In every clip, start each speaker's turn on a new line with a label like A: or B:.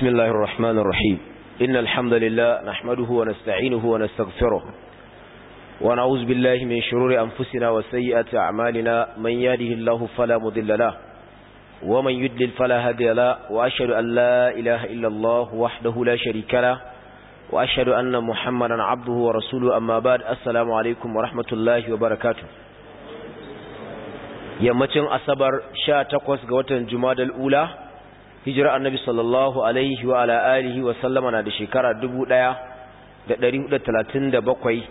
A: بسم الله الرحمن الرحيم إن الحمد لله نحمده ونستعينه ونستغفره ونعوذ بالله من شرور أنفسنا وسيئات أعمالنا من يهده الله فلا مضل له ومن يدلل فلا هادي له وأشهد أن لا إله إلا الله وحده لا شريك له وأشهد أن محمدا عبده ورسوله أما بعد السلام عليكم ورحمة الله وبركاته yammacin asabar 18 ga watan jumadal ula hijira annabi sallallahu alaihi wa ala alihi wa sallama na da shekara 1437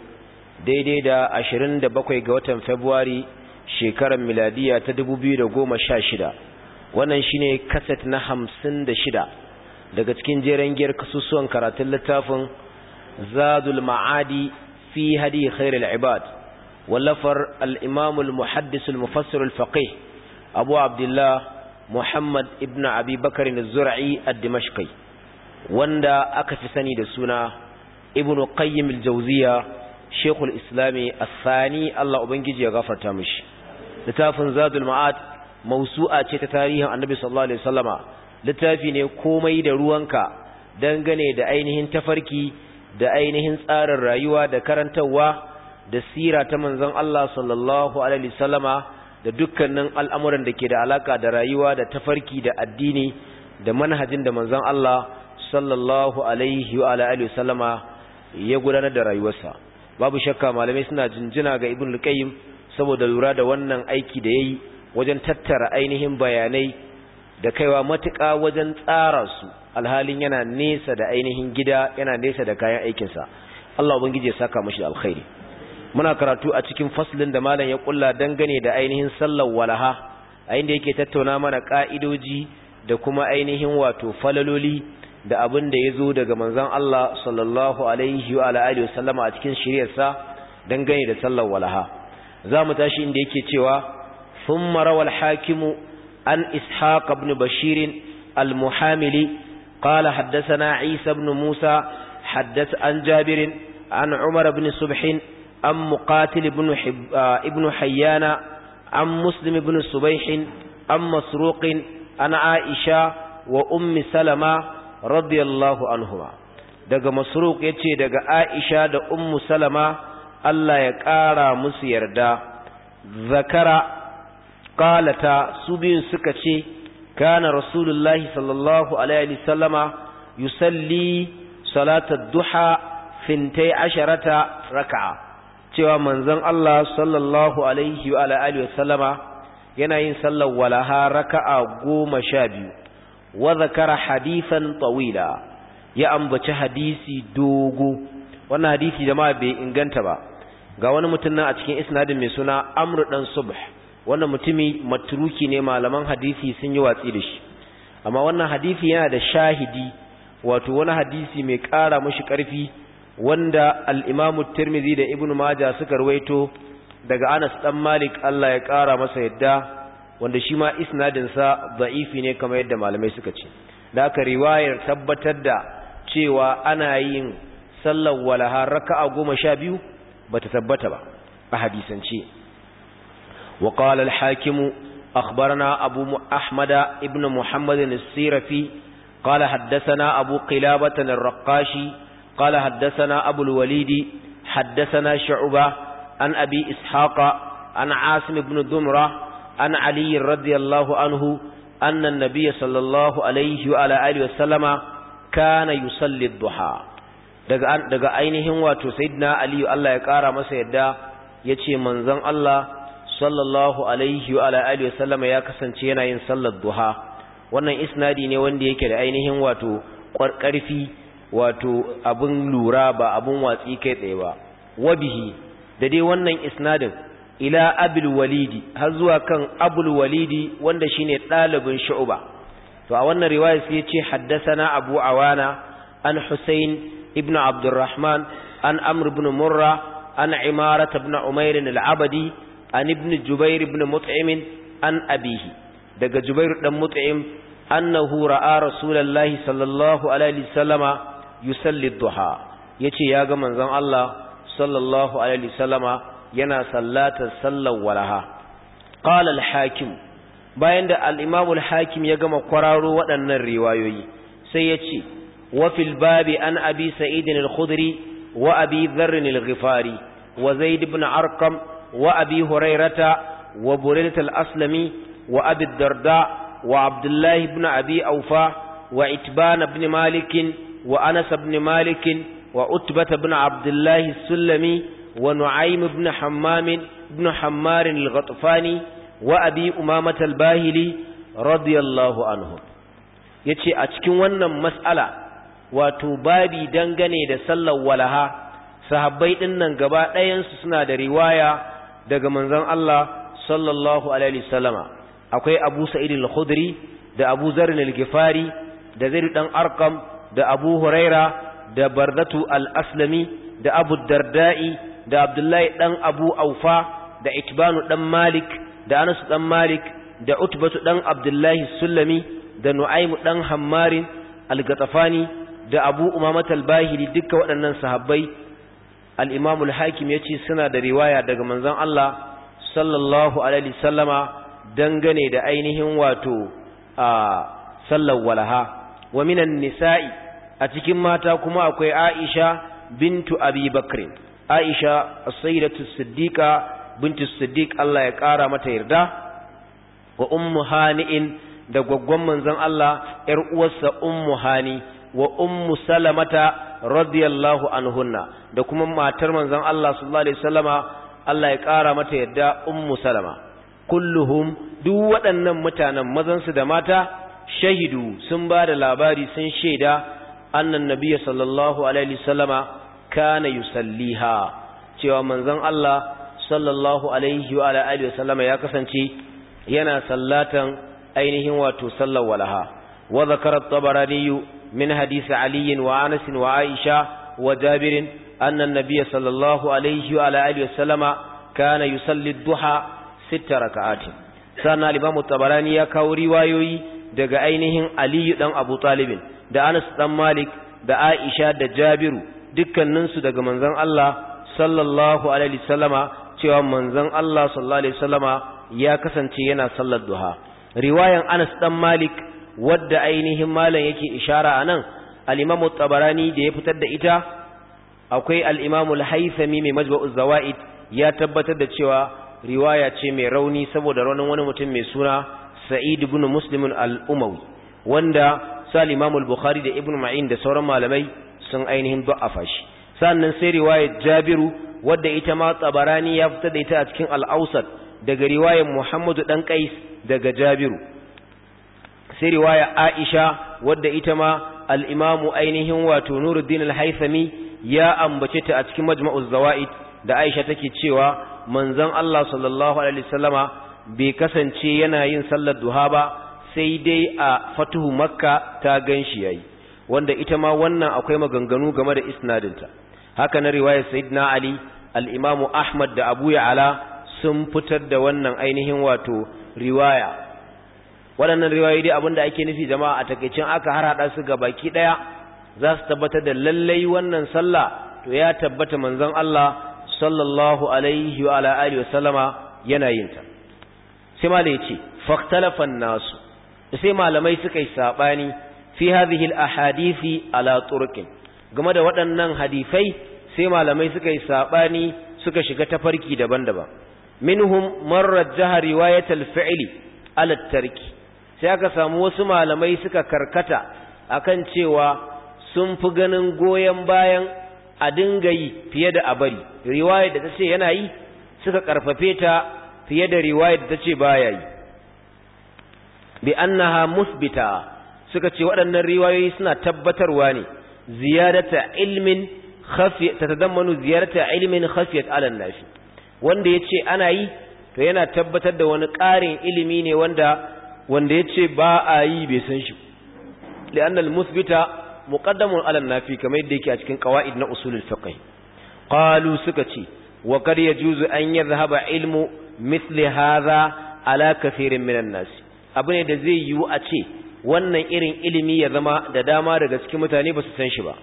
A: daidai da 27 ga watan Fabrairu, shekarar miladiya ta 2016 wannan shine kaset na 56 daga cikin jeren giyar kasusuwan karatun littafin Zadul Ma'adi fi hadi khairul ibad wallafar al-imam al-muhaddis al-mufassir al-faqih Abu Abdullah Muhammad ibn Abi Bakar al-Zur'i ad-Dimashqi wanda aka fi sani da suna Ibn Qayyim al-Jawziya Sheikh al-Islam al-Thani Allah ubangiji ya gafarta mishi littafin Zadul Ma'ad mawsu'a ce ta tarihin Annabi sallallahu alaihi wasallama littafi ne komai da ruwanka dangane da ainihin tafarki da ainihin tsarin rayuwa da karantarwa da sira ta manzon Allah sallallahu alaihi wasallama da dukkanin al'amuran da ke da alaka da rayuwa da tafarki da addini da manhajin da manzan Allah sallallahu alaihi wa wa wasallama ya gudanar da rayuwarsa babu shakka malamai suna jinjina ga ibn Luqayyim saboda lura da wannan aiki da ya yi wajen tattara ainihin bayanai da kaiwa matuka wajen tsara su alhalin yana nesa da ainihin gida yana nesa da kayan aikinsa Allah ubangiji ya saka mashi alkhairi muna karatu a cikin faslin da malam ya kulla dangane da ainihin sallar walaha a inda yake tattauna mana ka'idoji da kuma ainihin wato falaloli da abin da ya zo daga manzon Allah sallallahu alaihi wa alihi wasallama a cikin shiriyarsa dangane da sallar walaha za mu tashi inda yake cewa thumma rawal hakimu an ishaq ibn bashir al-muhamili qala haddathana isa ibn musa haddath an jabir an umar ibn subhin an muqatil ibn hayyana an muslim ibn subaihin an masruqin an aisha wa ummi salama radiyallahu anhuma daga masruq yace daga aisha da ummu salama Allah ya ƙara musu yarda zakara qalata su biyun suka ce kana rasulullahi sallallahu alaihi wasallama yusalli salatar duha fintai asharata raka'a cewa manzon Allah sallallahu alaihi wa alihi wasallama yana yin sallar walaha raka'a goma sha biyu wa zakara hadithan tawila ya ambaci hadisi dogo wannan hadisi jama'a bai inganta ba ga wani mutum nan a cikin isnadin mai suna amru dan subh wannan mutumi matruki ne malaman hadisi sun yi watsi da shi amma wannan hadisi yana da shahidi wato wani hadisi mai ƙara mushi karfi wanda al-Imam tirmidhi da Ibn maja suka rawaito daga Anas ɗan Malik Allah ya ƙara masa yadda wanda shi ma isnadinsa za'ifi ne kamar yadda malamai suka ce da aka riwayar tabbatar da cewa ana yin sallar walaha raka'a ba bata tabbata ba a hadisance wa qala al-hakim abu ahmad ibn muhammad Sirafi, sirafi Haddasa na abu qilabah Rakashi. قال حدثنا أبو الوليد حدثنا شعبة عن أبي إسحاق عن عاصم بن دمرة عن علي رضي الله عنه أن النبي صلى الله عليه وعلى آله وسلم كان يصلي الضحى daga ainihin wato sayyidina aliyu ala ya kara masa yadda yace manzon Allah sallallahu alaihi wa ala ya kasance yana yin sallar duha wannan isnadi ne wanda yake da ainihin wato karfi wato abin lura ba abin watsi kai tsaye ba wabihi da dai wannan isnadin ila abul walidi har zuwa kan abul walidi wanda shine dalibin shu'ba to a wannan riwaya sai yace haddathana abu awana an husayn ibn abdurrahman an amr ibn murra an imarat ibn umair al-abadi an ibn jubair ibn mut'im an abihi daga jubair dan mut'im annahu ra'a rasulullahi sallallahu alaihi wasallama yusalli duha yace ya ga manzon Allah sallallahu alaihi wasallama yana sallatar sallar walaha ƙalal hakim bayan da al hakim ya gama kwararo waɗannan riwayoyi sai yace wa fil babi an abi sa'idin al-khudri wa abi al-ghifari wa zaid Arkam arqam wa abi hurairata wa burayt aslami wa abi darda wa abdullahi ibn abi awfa wa itbana ibn malikin وأنس بن مالك وعتبة بن عبد الله السلمي ونعيم بن حمام بن حمار الغطفاني وأبي أمامة الباهلي رضي الله عنهم yace a cikin wannan mas'ala wato babi dangane da sallar walaha sahabbai ɗinnan gaba ɗayansu suna da riwaya daga manzon Allah sallallahu alaihi wasallama akwai Abu Sa'id al-Khudri da Abu Zarr al-Ghifari da Zaid dan Arqam da abu huraira da bardatu al-aslami da abu darda'i da abdullahi dan abu aufa da itbanu dan malik da anasu dan malik da utbatu dan abdullahi sulami da nua'imu dan hammarin al da abu umamat al duka waɗannan sahabbai al hakim ya ce suna da riwaya daga manzon Allah sallallahu alaihi sallama dangane da ainihin wato a sallar walaha wa minan nisa'i a cikin mata kuma akwai Aisha bintu Abi Bakr Aisha as-sayyidatu siddiqa bintu siddiq Allah ya kara mata yarda wa ummu hani'in da gwaggwan manzon Allah yar uwarsa ummu hani wa ummu salamata radiyallahu anhunna da kuma matar manzon Allah sallallahu alaihi wasallama Allah ya kara mata yarda ummu salama kulluhum duk waɗannan mutanen mazansu da mata shahidu sun ba da labari sun shaida annan nabiyya sallallahu kana yusalliha cewa manzon Allah sallallahu alaihi wa alihi ya kasance yana salatan ainihin wato sallar walaha wa zakara at-tabarani min hadisi ali wa anas wa aisha wa jabirin anna an-nabiyya sallallahu alaihi wa alihi wasallama kana yusalli ad-duha sita raka'atin sannan al-imam at ya kawo riwayoyi daga ainihin Aliyu dan abu talibin da Anas dan Malik da Aisha da Jabiru dukkaninsu daga manzon Allah sallallahu alaihi wasallama cewa manzon Allah sallallahu alaihi wasallama ya kasance yana sallar duha riwayan Anas dan Malik wadda ainihin malam yake ishara anan al-Imam tabarani da ya fitar da ita akwai al-Imam al-Haythami mai Majma'u zawaid ya tabbatar da cewa riwaya ce mai rauni saboda raunin wani mutum mai suna Sa'id ibn Muslim al-Umawi wanda sa Imam bukhari da Ibn Ma'in da sauran malamai sun ainihin da'afa shi sannan sai riwayar Jabiru wadda ita ma tsabarani ya fita da ita a cikin al da daga riwayar Muhammadu dan Qais daga Jabiru sai riwaya Aisha wadda ita ma al imamu ainihin wato Nuruddin al-Haythami ya ambace ta a cikin Majma'uz Zawaid da Aisha take cewa manzon Allah sallallahu alaihi wasallama bai kasance yana yin sallar duha ba sai dai a fatuhu makka ta gan shi yayi wanda ita ma wannan akwai maganganu game da isnadinta haka na riwayar sayyidina ali al-imamu ahmad da abu ya'ala sun fitar da wannan ainihin wato riwaya waɗannan riwayoyi dai abinda ake nufi jama'a a takeicin aka har su ga baki daya za su tabbatar da lallai wannan sallah to ya tabbata manzon Allah sallallahu alaihi wa ala alihi wa sallama yana yin ta sai malai ce faqtalafan nasu sai malamai suka yi saɓani fi hadhihi al-ahadisi ala turqin game da waɗannan hadisai sai malamai suka yi saɓani suka shiga tafarki daban-daban minhum man rajjaha riwayat al-fi'li ala tarki sai aka samu wasu malamai suka karkata akan cewa sun fi ganin goyen bayan a dinga yi fiye da a bari riwayar da ta ce yana yi suka karfafe ta fiye da riwayar da ta ce baya yi bi annaha musbita suka ce waɗannan riwayoyi suna tabbatarwa ne ziyadata ilmin khafiyat tatadammanu ziyadata ilmin khafiyat ala nafi wanda yace ana yi to yana tabbatar da wani ƙarin ilimi ne wanda wanda yace ba a yi bai san shi li'anna al-musbita muqaddamun ala nafi kamar yadda yake a cikin qawaid na usulul fiqh qalu suka ce wa kar yajuzu an yadhhaba ilmu mithli hadha ala kathirin minan nasi abu ne da zai yiwu a ce wannan irin ilimi ya zama da dama daga cikin mutane ba su san shi ba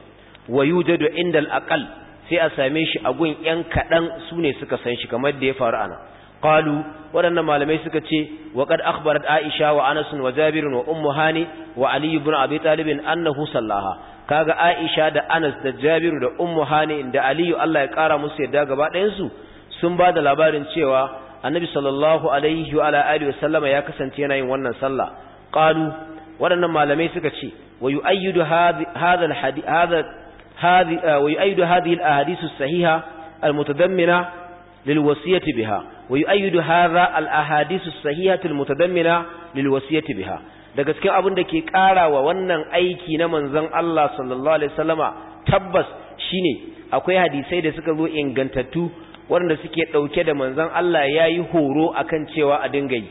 A: wa yujadu indal aqal sai a same shi a gun yan kaɗan su ne suka san shi kamar da ya faru ana Ƙalu, waɗannan malamai suka ce wa qad akhbarat aisha wa anas wa jabir wa ummu hani wa ali ibn abi talibin annahu sallaha kaga aisha da anas da Jabiru da ummu hani da ali Allah ya kara musu yadda gaba ɗayan su sun ba da labarin cewa annabi sallallahu alaihi wa ala alihi wasallama ya kasance yana yin wannan sallah qalu waɗannan malamai suka ce wa yu'ayyidu hadha al-hadith hadha hadhi ah, wa yu'ayyidu hadhihi al-ahadith as-sahiha al-mutadammina lilwasiyati biha wa yu'ayyidu hadha al-ahadith as-sahiha al-mutadammina lilwasiyati biha daga cikin abin da ke karawa wannan aiki na manzon Allah sallallahu alaihi wasallama tabbas shine akwai hadisai da suka zo ingantattu waɗanda suke ɗauke da manzan Allah ya yi horo a kan cewa a dinga yi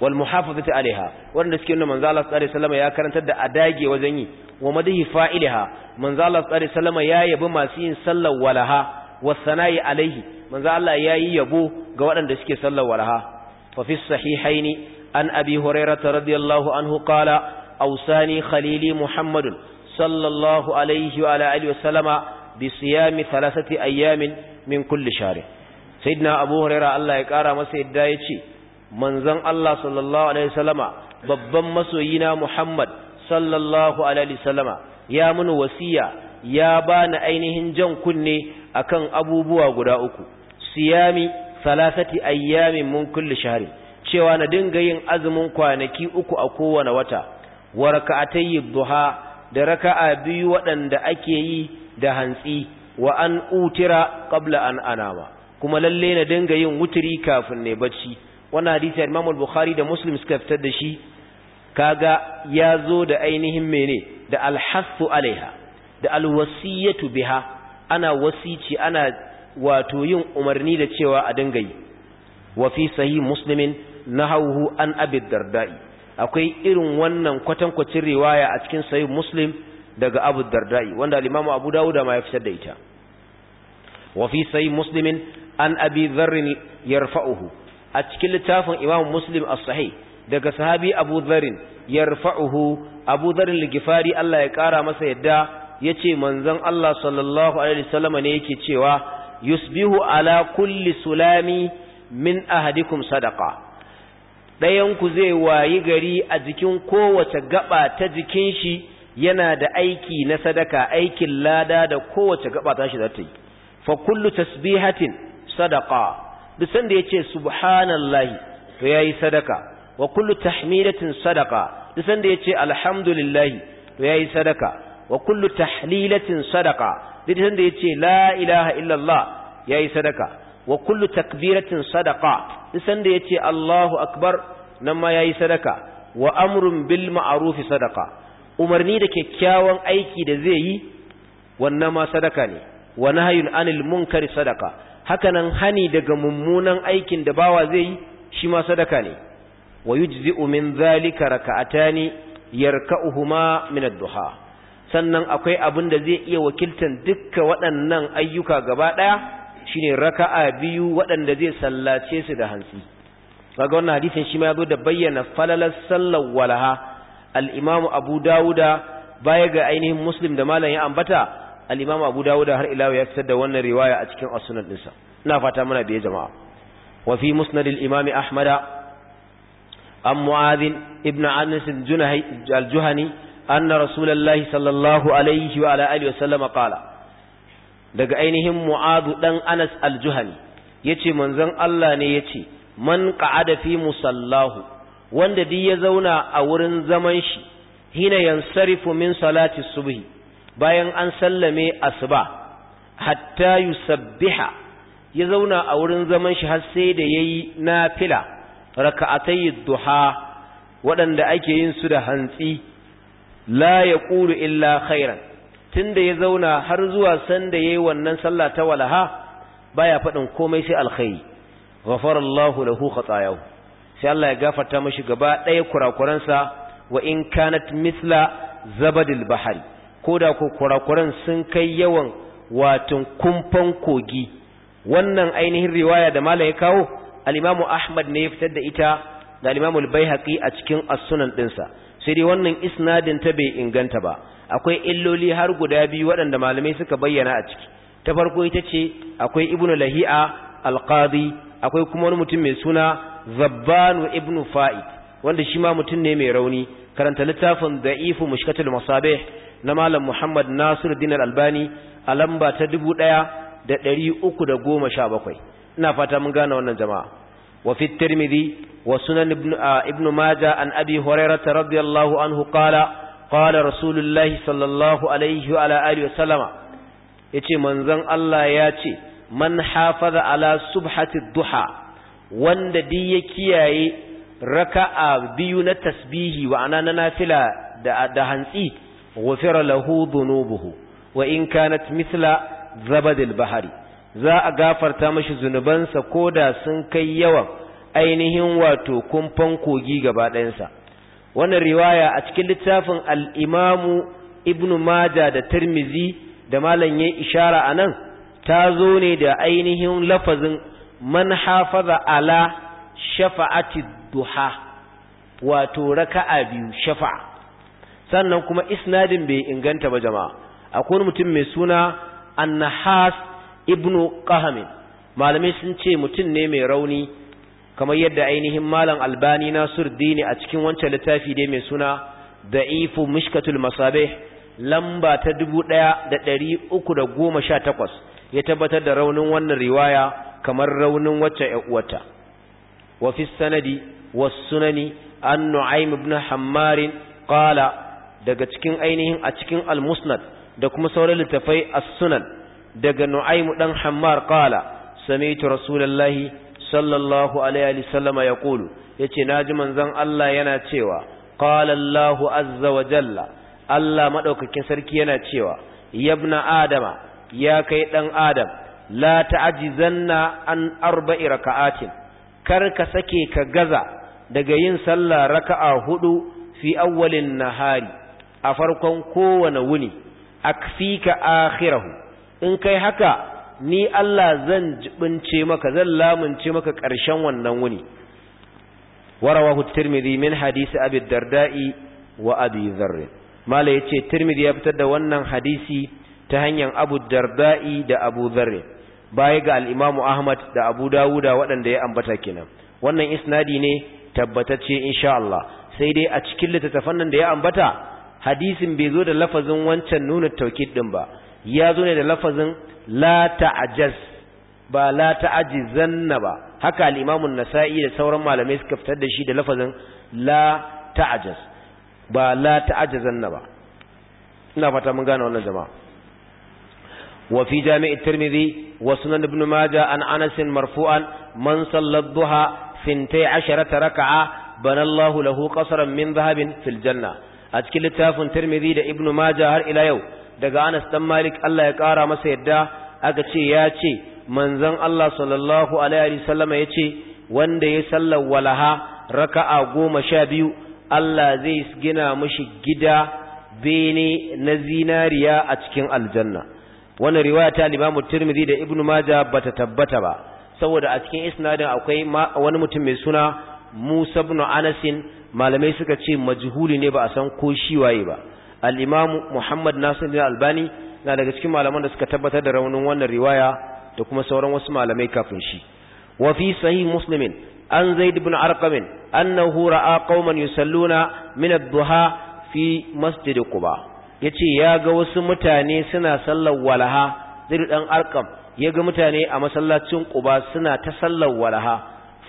A: wal muhafazatu alaiha waɗanda suke nuna manzan Allah sallallahu ya karantar da adage wajen yi wa madhi fa'ilaha manzan Allah sallallahu ya yabi masu yin sallar walaha wasana'i sana'i alaihi manzan Allah ya yi yabo ga waɗanda suke sallar walaha fa fi sahihaini an abi hurairah radiyallahu anhu qala awsani khalili muhammadun sallallahu alaihi wa alihi wasallama bi siyami thalathati ayyamin min kulli shari sayyidina abu huraira Allah ya kara masa yadda ya ce manzon Allah sallallahu alaihi wasallama babban masoyina Muhammad sallallahu alaihi wasallama ya mun wasiya ya bani ainihin jan kunne akan abubuwa guda uku siyami salasati ayyamin min kulli shahri cewa na dinga yin azumin kwanaki uku a kowane wata wa raka'atayyi duha da raka'a biyu waɗanda ake yi da hantsi wa an utira qabla an anama kuma lalle na dinga yin wuturi kafin ne bacci wannan hadisi Imam al-Bukhari da Muslim suka fitar da shi kaga ya zo da ainihin mene da al-hasu alaiha da al-wasiyatu biha ana wasici ana wato yin umarni da cewa a dinga yi wa fi sahih muslimin nahawhu an abi dardai akwai irin wannan kwatan kwatankwacin riwaya a cikin sahih muslim daga abu dardai wanda al-imamu abu dawud ma ya fitar da ita Wafi sai sahih an abi dharr yarfa'uhu a cikin littafin imam muslim as sahi daga sahabi abu dharr yarfa'uhu abu dharr al Allah ya kara masa yadda ya ce manzon Allah sallallahu alaihi wasallam ne yake cewa yusbihu ala kulli sulami min ahadikum sadaqa ɗayanku zai wayi gari a jikin kowace gaba ta jikin shi yana da aiki na sadaka aikin lada da kowace gaba ta shi za ta yi fa kullu tasbihatin sadaqa duk sanda ce subhanallahi to yayi sadaka wa kullu tahmidatin sadaqa duk sanda ce alhamdulillahi to yayi sadaka wa kullu tahlilatin sadaqa duk sanda ce la ilaha illallah yayi sadaka wa kullu takbiratin sadaqa duk sanda yace Allahu akbar nan ma yi sadaka wa amrun bil ma'arufi sadaka. umarni da kyakkyawan aiki da zai yi wannan ma sadaka ne wa nahyun anil munkari sadaka hakanan hani daga mummunan aikin da bawa zai yi shi ma sadaka ne wa yujzi'u min zalika raka'atani yarka'uhuma min ad-duha sannan akwai abin da zai iya wakiltan dukkan waɗannan ayyuka gaba ɗaya shine raka'a biyu waɗanda zai sallace su da hantsi kaga wannan hadisin shi ma yazo da bayyana falalar sallar walaha al-imamu abu dawuda baya ga ainihin muslim da malamin ya ambata al-imam abu dawud har ila ya fitar da wannan riwaya a cikin as-sunan dinsa ina fata muna biye jama'a wa fi musnad al-imam ahmad an mu'adh ibn anas al-juhani anna rasulullahi sallallahu alaihi wa ala alihi wa qala daga ainihin mu'adh dan anas al-juhani yace manzon Allah ne yace man qa'ada fi musallahu wanda duk ya zauna a wurin zaman shi hina yansarifu min salati subhi bayan an sallame asuba hatta yusabbiha ya zauna a wurin zaman shi har sai da yayi nafila raka'atay duha waɗanda ake yin su da hantsi la yaqulu illa khairan tunda ya zauna har zuwa sanda yayi wannan sallah ta walaha baya faɗin komai sai alkhairi ghafarallahu lahu khatayahu sai Allah ya gafarta mashi gaba ɗaya kurakuransa wa in kanat mithla zabadil bahari ko da ko kurakuran sun kai yawan watan kumfan kogi wannan ainihin riwaya da malam ya kawo al-imamu ahmad ne ya fitar da ita da al-imamu al a cikin as-sunan dinsa sai dai wannan isnadin ta bai inganta ba akwai illoli har guda biyu waɗanda malamai suka bayyana a ciki ta farko ita ce akwai ibnu lahi'a al-qadi akwai kuma wani mutum mai suna zabbanu ibnu fa'id wanda shi ma mutum ne mai rauni karanta littafin da'ifu mushkatul masabih na malam Muhammad Nasiru Al-Albani a lamba ta bakwai. ina fata mun gane wannan jama'a wa fi Tirmidhi wa sunan ibn ibn an Abi Hurairah radiyallahu anhu qala qala Rasulullahi sallallahu alaihi wa alihi wa sallama yace manzon Allah ya ce man hafaza ala subhati duha wanda di ya kiyaye raka'a biyu na tasbihi wa ana na nafila da da hantsi ghufira lahu dhunubuhu wa in kanat mithla zabadil bahari za a gafarta mashi zunubansa ko da sun kai yawan ainihin wato kumfan kogi gaba ɗayansa wannan riwaya a cikin littafin al-imamu ibnu da tirmizi da malam ya ishara anan ta zo ne da ainihin lafazin man hafaza ala shafa'ati duha wato raka'a biyu shafa'a sannan kuma isnadin bai inganta ba jama'a akwai mutum mai suna annahas ibnu qahamin malamai sun ce mutum ne mai rauni kamar yadda ainihin malam albani dini a cikin wancan littafi dai mai suna da'ifu mishkatul masabih lamba ta dubu ɗaya da ɗari uku da goma sha takwas ya tabbatar da raunin wannan riwaya kamar raunin wacce ya uwata. Wa fi sanadi, wa sunani, an nu'aim ibn Hammarin, qala daga cikin ainihin a cikin al da kuma sauran littafai as-sunan daga nu'aymu dan hammar qala sami'tu rasulullahi sallallahu alaihi wa sallam yaqulu yace naji manzon Allah yana cewa qala Allahu azza wa jalla Allah madaukakin sarki yana cewa yabna adama ya kai dan adam la ta'jizanna an arba'i raka'atin kar ka sake ka gaza daga yin sallah raka'a hudu fi awwalin nahari a farkon kowane wuni ka akhirahu in kai haka ni Allah zan jibince maka zan lamunce maka ƙarshen wannan wuni warawahu tirmidhi min hadisi abi darda'i wa abi dharr mala yace tirmidhi ya fitar da wannan hadisi ta hanyar abu darda'i da abu dharr baya ga al-imam ahmad da abu dawuda waɗanda ya ambata kenan wannan isnadi ne tabbatacce insha Allah sai dai a cikin littafin da ya ambata hadisin bai zo da lafazin wancan nuna taukid din ba ya zo ne da lafazin la ta'ajaz ba la ta'ajizanna ba haka al-Imam nasai da sauran malamai suka fitar da shi da lafazin la ta'ajaz ba la ta'ajizanna ba ina fata mun gane wannan jama'a wa fi jami' at-Tirmidhi wa sunan Ibn Majah an Anas marfu'an man sallad duha 12 rak'a bana Allahu lahu qasran min dhahabin fil jannah a cikin littafin Tirmidhi da Ibn Majah har ila yau daga Anas dan Malik Allah ya kara masa yadda aka ce ya ce manzon Allah sallallahu alaihi wasallam ya ce wanda ya sallar walaha raka'a goma sha biyu Allah zai gina mashi gida bene na zinariya a cikin aljanna wannan riwaya ta Imam Tirmidhi da Ibn Majah bata tabbata ba saboda a cikin isnadin akwai wani mutum mai suna Musa ibn Anas malamai suka ce majhuli ne ba a san ko shi waye ba al-Imam Muhammad Nasir al-Albani na daga cikin malaman da suka tabbatar da raunin wannan riwaya da kuma sauran wasu malamai kafin shi wa fi sahih muslimin an zaid ibn arqam annahu ra'a qauman yusalluna min ad-duha fi masjid quba yace ya ga wasu mutane suna sallar walaha zaid dan arqam ya ga mutane a masallacin quba suna ta sallar walaha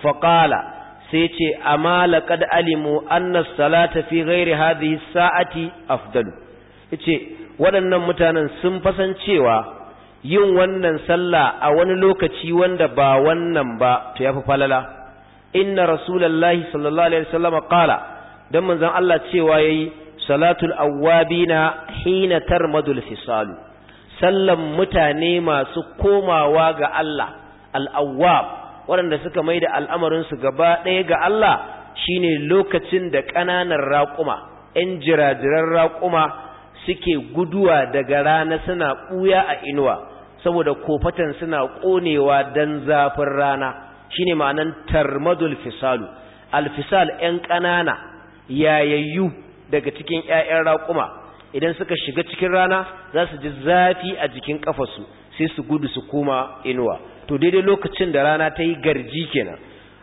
A: faqala sai ce amma laqad alimu anna salata fi ghairi hadhihi sa'ati afdalu yace waɗannan mutanen sun fasan cewa yin wannan sallah a wani lokaci wanda ba wannan ba to yafi falala inna rasulullahi sallallahu alaihi wasallam qala dan manzon Allah cewa yayi salatul na hina tarmadul fisalu sallan mutane masu komawa ga Allah al-awwab waɗanda suka mai da al'amarinsu gaba ɗaya ga Allah shi ne lokacin da ƙananan raƙuma ‘yan jirajiran raƙuma suke guduwa daga rana suna ɓuya a inuwa saboda kofatan suna ƙonewa don zafin rana shi ne ma'anan tarmadul fisalu alfisal ‘yan ƙanana yayayyu daga cikin ‘ya'yan raƙuma idan suka shiga cikin rana za su ji zafi a jikin ƙafasu sai su gudu su koma inuwa to daidai lokacin da rana ta yi garji kenan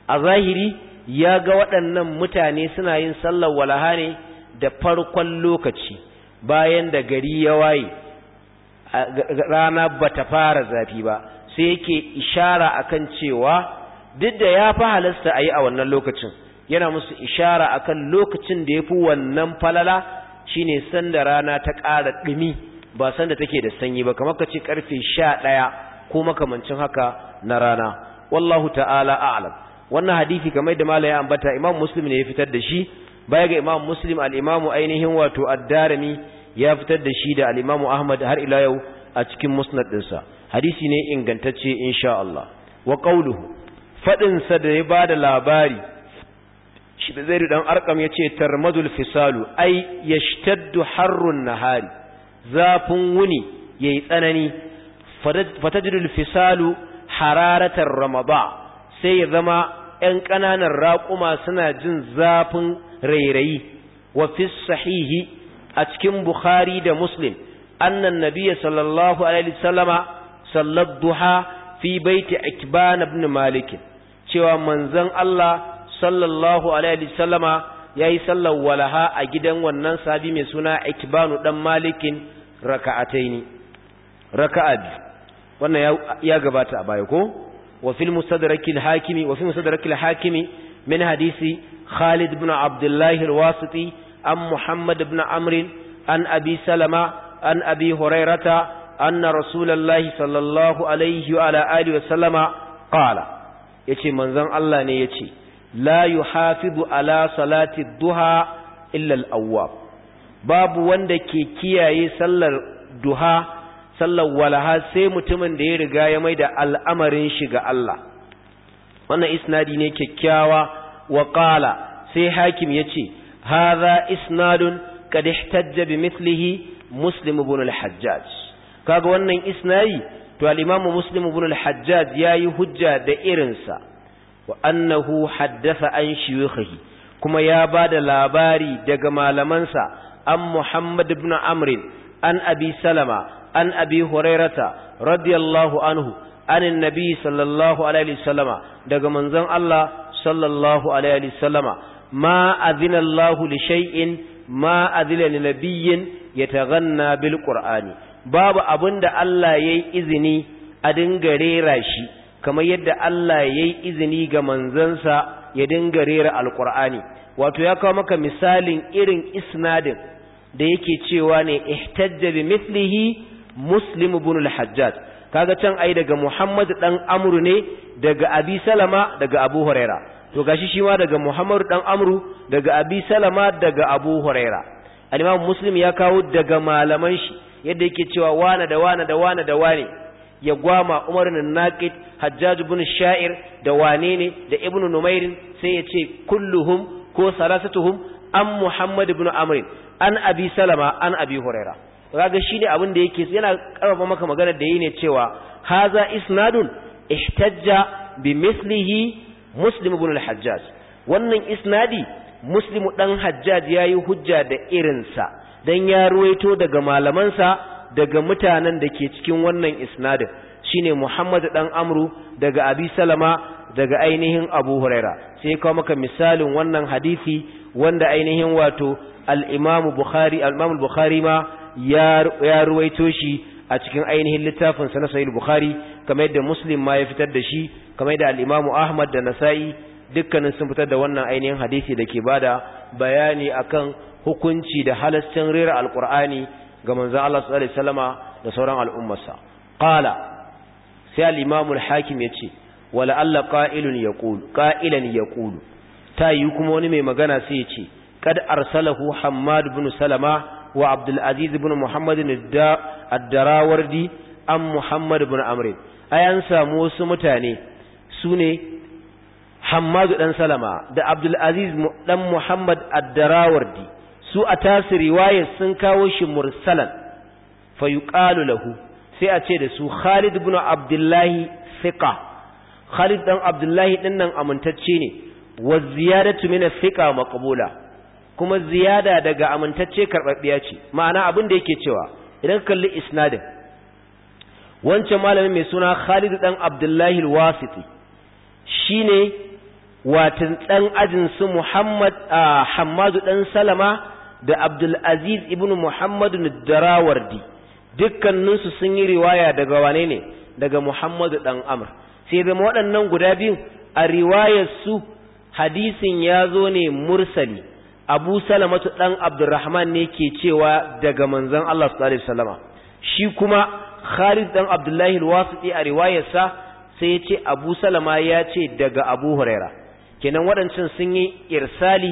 A: a zahiri ya ga waɗannan mutane suna yin sallar walaha ne da farkon lokaci bayan da gari ya waye rana ba ta fara zafi ba sai yake ishara akan cewa duk da ya fi halasta a yi a wannan lokacin yana musu ishara akan lokacin da ya fi wannan falala shine sanda rana ta ƙara ɗumi ba sanda take da sanyi ba kamar ka ce ƙarfe sha ɗaya ko makamancin haka na rana wallahu ta'ala a'lam wannan hadisi kamar da malai ya ambata imam muslim ne ya fitar da shi baya ga imam muslim al-imamu ainihin wato ad-darimi ya fitar da shi da al-imamu ahmad har ila yau a cikin musnad dinsa hadisi ne ingantacce insha Allah wa qawluhu fadin sa da ya bada labari shi da zairu dan arkam yace tarmadul fisalu ay yashtaddu harrun nahari zafin wuni yayi tsanani fatajidul fisalu hararatar ramaba sai ya zama ‘yan ƙananan raƙuma suna jin zafin rairayi wa fi sahihi a cikin Bukhari da Muslim annan nabiya sallallahu alaihi salama, sallar duha fi baiti akban ibn malikin, cewa manzan Allah sallallahu alaihi salama ya yi sallar walaha a gidan wannan sabi mai suna akbanu dan malikin raka'ataini raka'a wannan ya gabata a baya ko hakimi hakimi min hadisi Khalid ibn Abdullah an Muhammad ibn Amr an Abi Salama an Abi Hurairata anna sallallahu alaihi wa ala alihi wa sallama qala yace manzon Allah ne yace la yuhafidu ala salati duha illa al-awwab babu wanda ke kiyaye sallar duha sallar walaha sai mutumin da ya riga ya mai da al'amarin shi ga Allah wannan isnadi ne kyakkyawa wa sai hakim ce haza isnadun qad ihtajja bi mithlihi muslim ibn al-hajjaj kaga wannan isnadi to al-imam muslim ibn al-hajjaj yayi hujja da irinsa wa annahu haddatha an shuyukhihi kuma ya bada labari daga malamansa an muhammad ibn amr an abi salama an abi hurairata radiyallahu anhu anin nabi sallallahu alaihi wasallama daga manzon Allah sallallahu alaihi wasallama ma adhina Allah li shay'in ma adhina li nabiyyin yataganna bil qur'ani babu abinda Allah yayi izini a dinga rera shi kamar yadda Allah yayi izini ga manzansa ya dinga rera alqur'ani wato ya kawo maka misalin irin isnadin da yake cewa ne ihtajja bi mithlihi muslim ibn al-hajjaj kaga can ai daga muhammad dan amru ne daga abi salama daga abu huraira to gashi shi ma daga muhammad dan amru daga abi salama daga abu huraira al-imam muslim ya kawo daga malaman shi yadda yake cewa wana da wana da wana da wane ya gwama umar bin naqid hajjaj ibn sha'ir da wane ne da Ibn numair sai ya ce kulluhum ko salasatuhum an muhammad ibn amr an abi salama an abi huraira kaga shine abin da yake yana karfafa maka magana da yi ne cewa haza isnadun ihtajja bi mislihi muslim ibn al-hajjaj wannan isnadi muslim dan hajjaj yayi hujja da irinsa dan ya ruwaito daga malamansa daga mutanen da ke cikin wannan isnadin shine muhammad dan amru daga abi salama daga ainihin abu huraira sai kawo maka misalin wannan hadisi wanda ainihin wato al-imam bukhari al-imam al-bukhari ma ya ruwaito shi a cikin ainihin littafin sa na sahih bukhari kamar yadda muslim ma ya fitar da shi kamar yadda al-imam ahmad da nasa'i dukkanin sun fitar da wannan ainihin hadisi da ke bada bayani akan hukunci da halascin rera alqur'ani ga manzon Allah sallallahu alaihi wasallama da sauran al'ummarsa qala sai al-imam al-hakim yace wala alla qa'ilun yaqul qa'ilan yaqulu tayi kuma wani mai magana sai yace kad arsalahu hammad ibn salama wa abdulaziz ibn muhammadin addarawardi an muhammad ibn amrin ayan samu wasu mutane sune ne hammadu dan salama da abdulaziz dan muhammad addarawardi su a tasiri riwayar sun kawo shi mursalan fa lahu sai a ce da su khalid ibn abdullahi thiqa khalid dan abdullahi dinnan amintacce ne wa ziyadatu min thiqa maqbula kuma ziyada daga amintacce karbabbiya ce ma'ana abin da yake cewa idan kalli isnadin wancan malamin mai suna Khalid dan Abdullahi al-Wasiti shine watan dan ajin su Muhammad Hammadu dan Salama da Abdul Aziz ibn Muhammad ad-Darawardi dukkanin su sun yi riwaya daga wane ne daga Muhammad dan Amr sai da waɗannan guda biyu a riwayar su hadisin ya zo ne mursali abu salamatu ɗan abdurrahman ne ke cewa daga manzan Allah su salama shi kuma khalid ɗan abdullahi ɗi a riwayarsa sai ya ce abu salama ya ce daga abu huraira kenan waɗancan sun yi irsali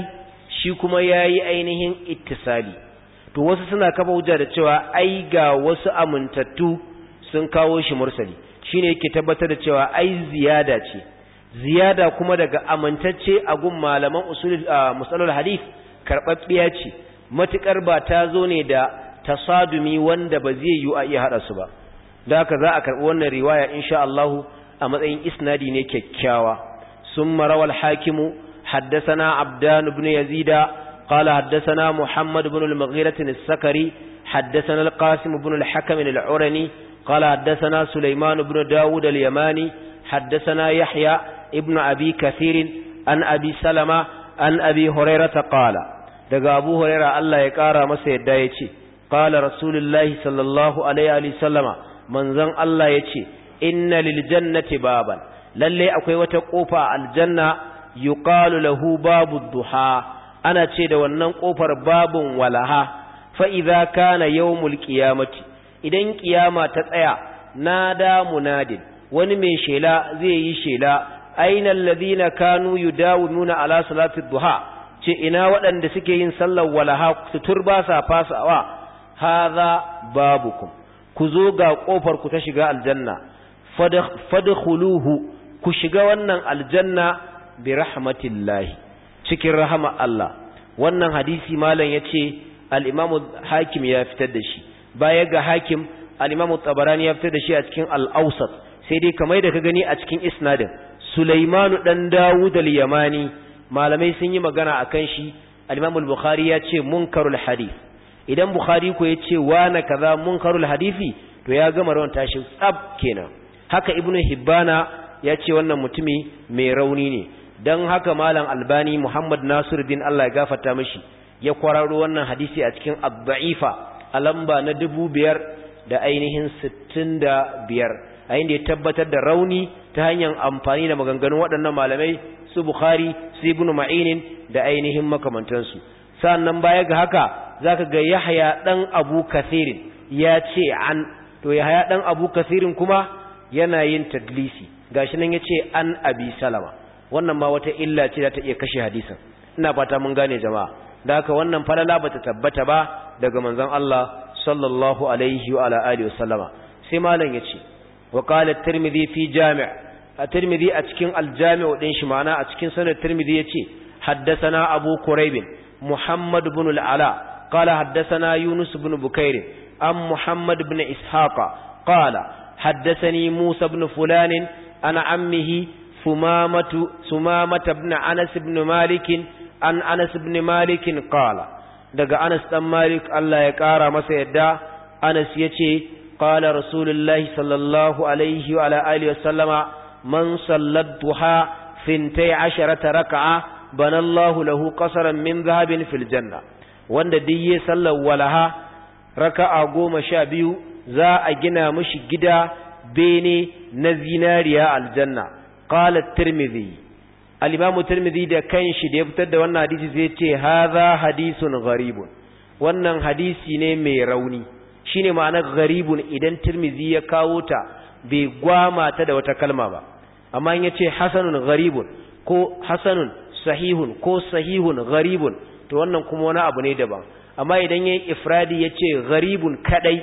A: shi kuma ya yi ainihin ittisali to wasu suna kafa hujja da cewa ai ga wasu amintattu sun kawo shi mursali shine yake tabbatar da cewa ai ziyada ce ziyada kuma daga amintacce a gun malaman usulul musalul hadith karɓaɓɓiya ce matukar ba ta zo ne da tasadumi wanda ba zai yi a iya haɗa su ba da haka za a karɓi wannan riwaya insha Allah a matsayin isnadi ne kyakkyawa sun marawar hakimu haddasana abdan ibn yazida qala haddasana muhammad ibn al-maghira as-sakari haddasana al-qasim ibn al-hakam al-urani qala haddasana sulaiman ibn daud al haddasana yahya ibnu abi kathir an abi salama an abi hurairah kala. daga abu huraira Allah ya ƙara masa yadda ya ce ƙala rasulullahi sallallahu alaihi sallama manzon Allah ya ce inna liljannati jannati baban lalle akwai wata ƙofa aljanna yuqalu lahu babu duha ana ce da wannan ƙofar babun walaha fa'iza kana yau qiyamati idan kiyama ta tsaya damu nadin. wani mai shela zai yi shela aina alladhina kanu nuna ala salatu duha ce ina waɗanda suke yin sallar walaha su ba sa fasawa haza babukum ku zo ga kofar ku ta shiga aljanna fadkhuluhu ku shiga wannan aljanna bi rahmatillahi cikin rahama Allah wannan hadisi malam yace al-Imam Hakim ya fitar da shi baya ga Hakim al-Imam Tabarani ya fitar da shi a cikin al-Awsat sai dai kamar da ka gani a cikin isnadin Sulaimanu dan Dawud al-Yamani malamai sun yi magana a kan shi alimamul bukhari ya ce munkarul hadif idan Bukhari ko ya ce na kaza munkarul hadifi to ya gama rawan tashi tsab kenan haka Ibn Hibbana ya ce wannan mutumi mai rauni ne don haka malam Albani Muhammad Nasiru Nasiruddin Allah ya gafarta mashi ya kwararo wannan hadisi a cikin abba'ifa a lamba na dubu biyar da ainihin sittin da biyar a inda ya tabbatar da rauni ta hanyar amfani da maganganun waɗannan malamai su bukhari su ibn ma'inin da ainihin makamantansu sannan baya ga haka zaka ga yahya dan abu kathirin ya ce an to yahya ɗan abu kathirin kuma yana yin tadlisi gashi nan ya ce an abi salama wannan ma wata illa ce za ta iya kashe hadisin ina fata mun gane jama'a da haka wannan falala bata tabbata ba daga manzon Allah sallallahu alaihi wa ala alihi sallama sai malam yace wa qala at-tirmidhi fi a tirmidhi a cikin aljami'u din shi ma'ana a cikin sanar tirmidhi yace haddathana abu kuraibin muhammad ibn al-ala qala haddathana yunus ibn bukair am muhammad ibn ishaqa qala haddathani musa ibn fulan an ammihi sumamatu sumamata ibn anas ibn malik an anas ibn malik qala daga anas dan malik Allah ya kara masa yadda anas yace qala rasulullahi sallallahu alaihi wa ala man sallat duha fintai asharata raka'a banallahu lahu qasaran min zahabin fil janna wanda duk sallar walaha raka'a goma sha biyu za a gina mashi gida bene na zinariya aljanna qala tirmidhi al-imamu tirmidhi da kanshi da ya fitar da wannan hadisi zai ce haza hadisin gharibun wannan hadisi ne mai rauni shine ma'anar gharibun idan tirmizi ya kawo ta bai gwama ta da wata kalma ba amma in yace hasanun gharibun ko hasanun sahihun ko sahihun gharibun to wannan kuma wani abu ne daban amma idan yi ifradi yace gharibun kadai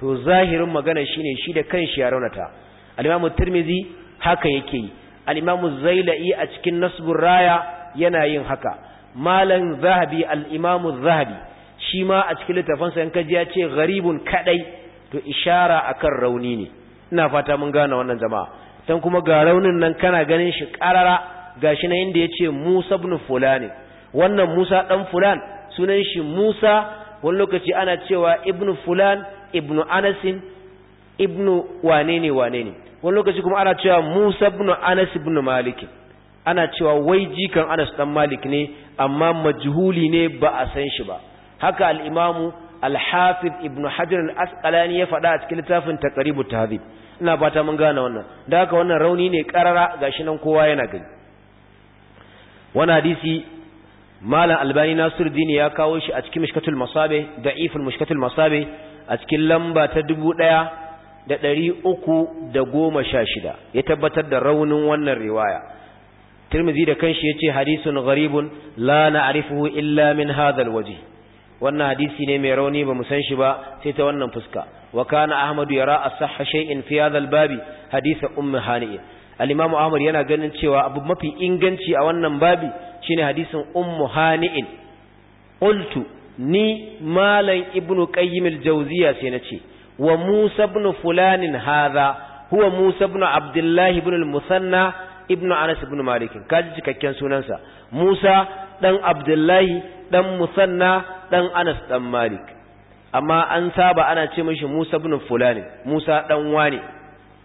A: to zahirin magana shine shi da kanshi ya raunata al-Imam Tirmidhi haka yake yi al Zailai a cikin Nasbur Raya yana yin haka malam Zahabi al-Imam Zahabi shi ma a cikin littafansa in ji ya ce gharibun kadai to ishara akan rauni ne ina fata mun gane wannan jama'a dan kuma ga raunin nan kana ganin shi karara gashi na inda yace Musa ibn fulani wannan Musa dan fulan sunan shi Musa wani lokaci ana cewa ibn fulan ibn Anasin ibn wane ne wane ne wani lokaci kuma ana cewa Musa ibn Anas ibn Malik ana cewa wai jikan Anas dan Malik ne amma majhuli ne ba a san shi ba haka al'imamu imam al-Hafiz ibn Hajar al-Asqalani ya faɗa a cikin littafin Taqribut Tahdhib ina fata mun gane wannan da haka wannan rauni ne karara gashi nan kowa yana gani wani hadisi malam albani nasiruddin ya kawo shi a cikin mishkatul masabe ifin mishkatul masabe a cikin lamba ta dubu ɗaya da ɗari uku da goma sha shida ya tabbatar da raunin wannan riwaya tirmizi da kanshi ya ce hadisun gharibun la na arifuhu illa min hadal waje wannan hadisi ne mai rauni ba mu san shi ba sai ta wannan fuska وكان أحمد يرى أصح شيء في هذا الباب حديث أم هانئ الإمام Ahmad yana ganin cewa abu mafi inganci a wannan babi shine hadisin ummu hani'in qultu ni malan ibnu qayyim al-jawziya sai nace wa musa ibn fulanin hadha huwa musa ibn abdullah ibn al-musanna ibn anas ibn malik kaji cikakken sunansa musa dan abdullahi dan musanna dan anas dan malik amma an saba ana ce mashi Musa ibn fulani Musa dan wani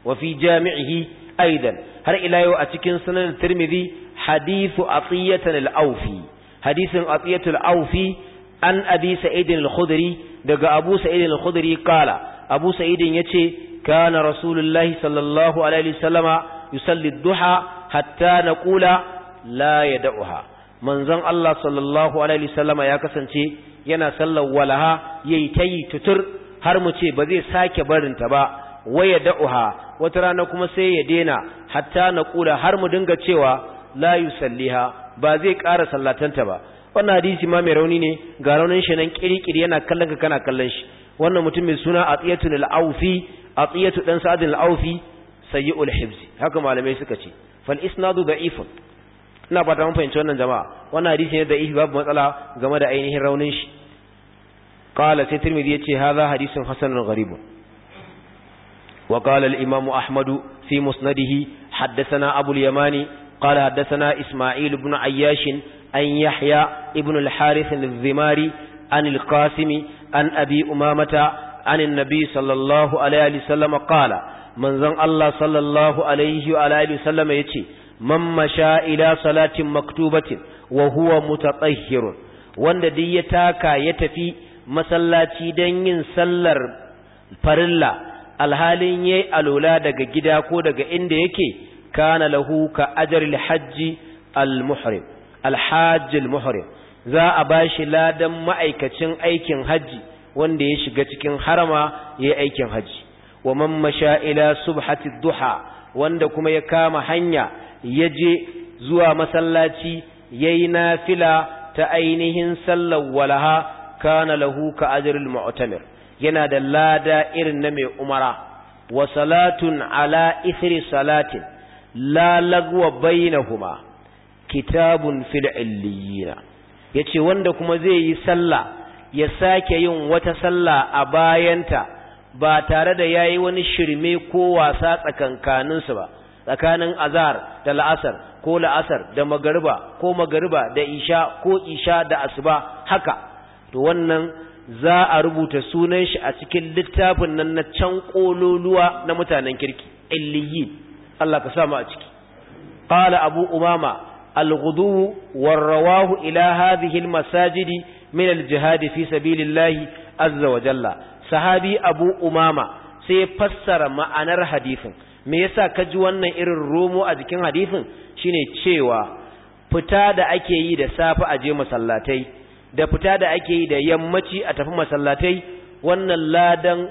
A: wa fi jami'ihi aidan har ila yau a cikin sunan Tirmidhi hadithu Atiyatan al-Awfi hadisin Atiyatu al-Awfi an Abi Sa'id al-Khudri daga Abu Sa'id al-Khudri kala Abu Sa'id yace kana Rasulullahi sallallahu alaihi wasallama yusalli duha hatta naqula la yad'uha manzon Allah sallallahu alaihi wasallama ya kasance yana sallar walaha yayi tayi tutur har mu ce ba zai sake barinta ba waya da'uha wata rana kuma sai ya dena hatta na kula har mu dinga cewa la yusalliha ba zai ƙara sallatanta ba wannan hadisi ma mai rauni ne ga raunin shi nan kirikiri yana kallon ka kana kallon shi wannan mutum mai suna atiyatu al-awfi atiyatu dan sa'd al-awfi sayyi'ul hibzi haka malamai suka ce fal isnadu da'ifun ina fata mun fahimci wannan jama'a wannan hadisi ne da ihi babu matsala game da ainihin raunin shi qala sai tirmidhi yace hadha hadisin hasanun gharibun wa qala al imamu ahmadu fi musnadihi haddathana abu al yamani qala haddathana isma'il ibn ayyash an yahya ibn al harith al zimari an al qasim an abi umamata an annabi sallallahu alaihi wasallam qala manzon Allah sallallahu alaihi wa alihi wasallam yace man masha ila salatin maktubatin wa huwa mutatahhirun wanda duk ya taka ya tafi masallaci don yin sallar farilla alhalin yayi alola daga gida ko daga inda yake kana lahu ka ajril al muhrim al za a bashi ladan ma'aikacin aikin hajji wanda ya shiga cikin harama yayi aikin hajji wa man masha ila subhati duha wanda kuma ya kama hanya ya je zuwa masallaci ya yi nafila ta ainihin sallar walaha kana lahu ka ajirul yana da lada irin na mai umara wa salatun ala ithri salatin la lagwa bainahuma kitabun fil illiyina yace wanda kuma zai yi sallah ya sake yin wata sallah a bayanta ba tare da yayi wani shirme ko wasa tsakankaninsu ba tsakanin azar da la'asar ko la'asar da magariba ko magariba da isha ko isha da asuba haka to wannan za a rubuta sunan shi a cikin littafin nan na can kololuwa na mutanen kirki illiyin Allah ka sa mu a ciki qala abu umama الغدو والرواه إلى هذه المساجد من الجهاد fi sabilillahi الله عز وجل sahabi abu umama sai ya fassara ma'anar hadifin me yasa ka ji wannan irin romo a jikin hadifin shine cewa fita da ake yi da safi a je masallatai da fita da ake yi da yammaci a tafi masallatai wannan ladan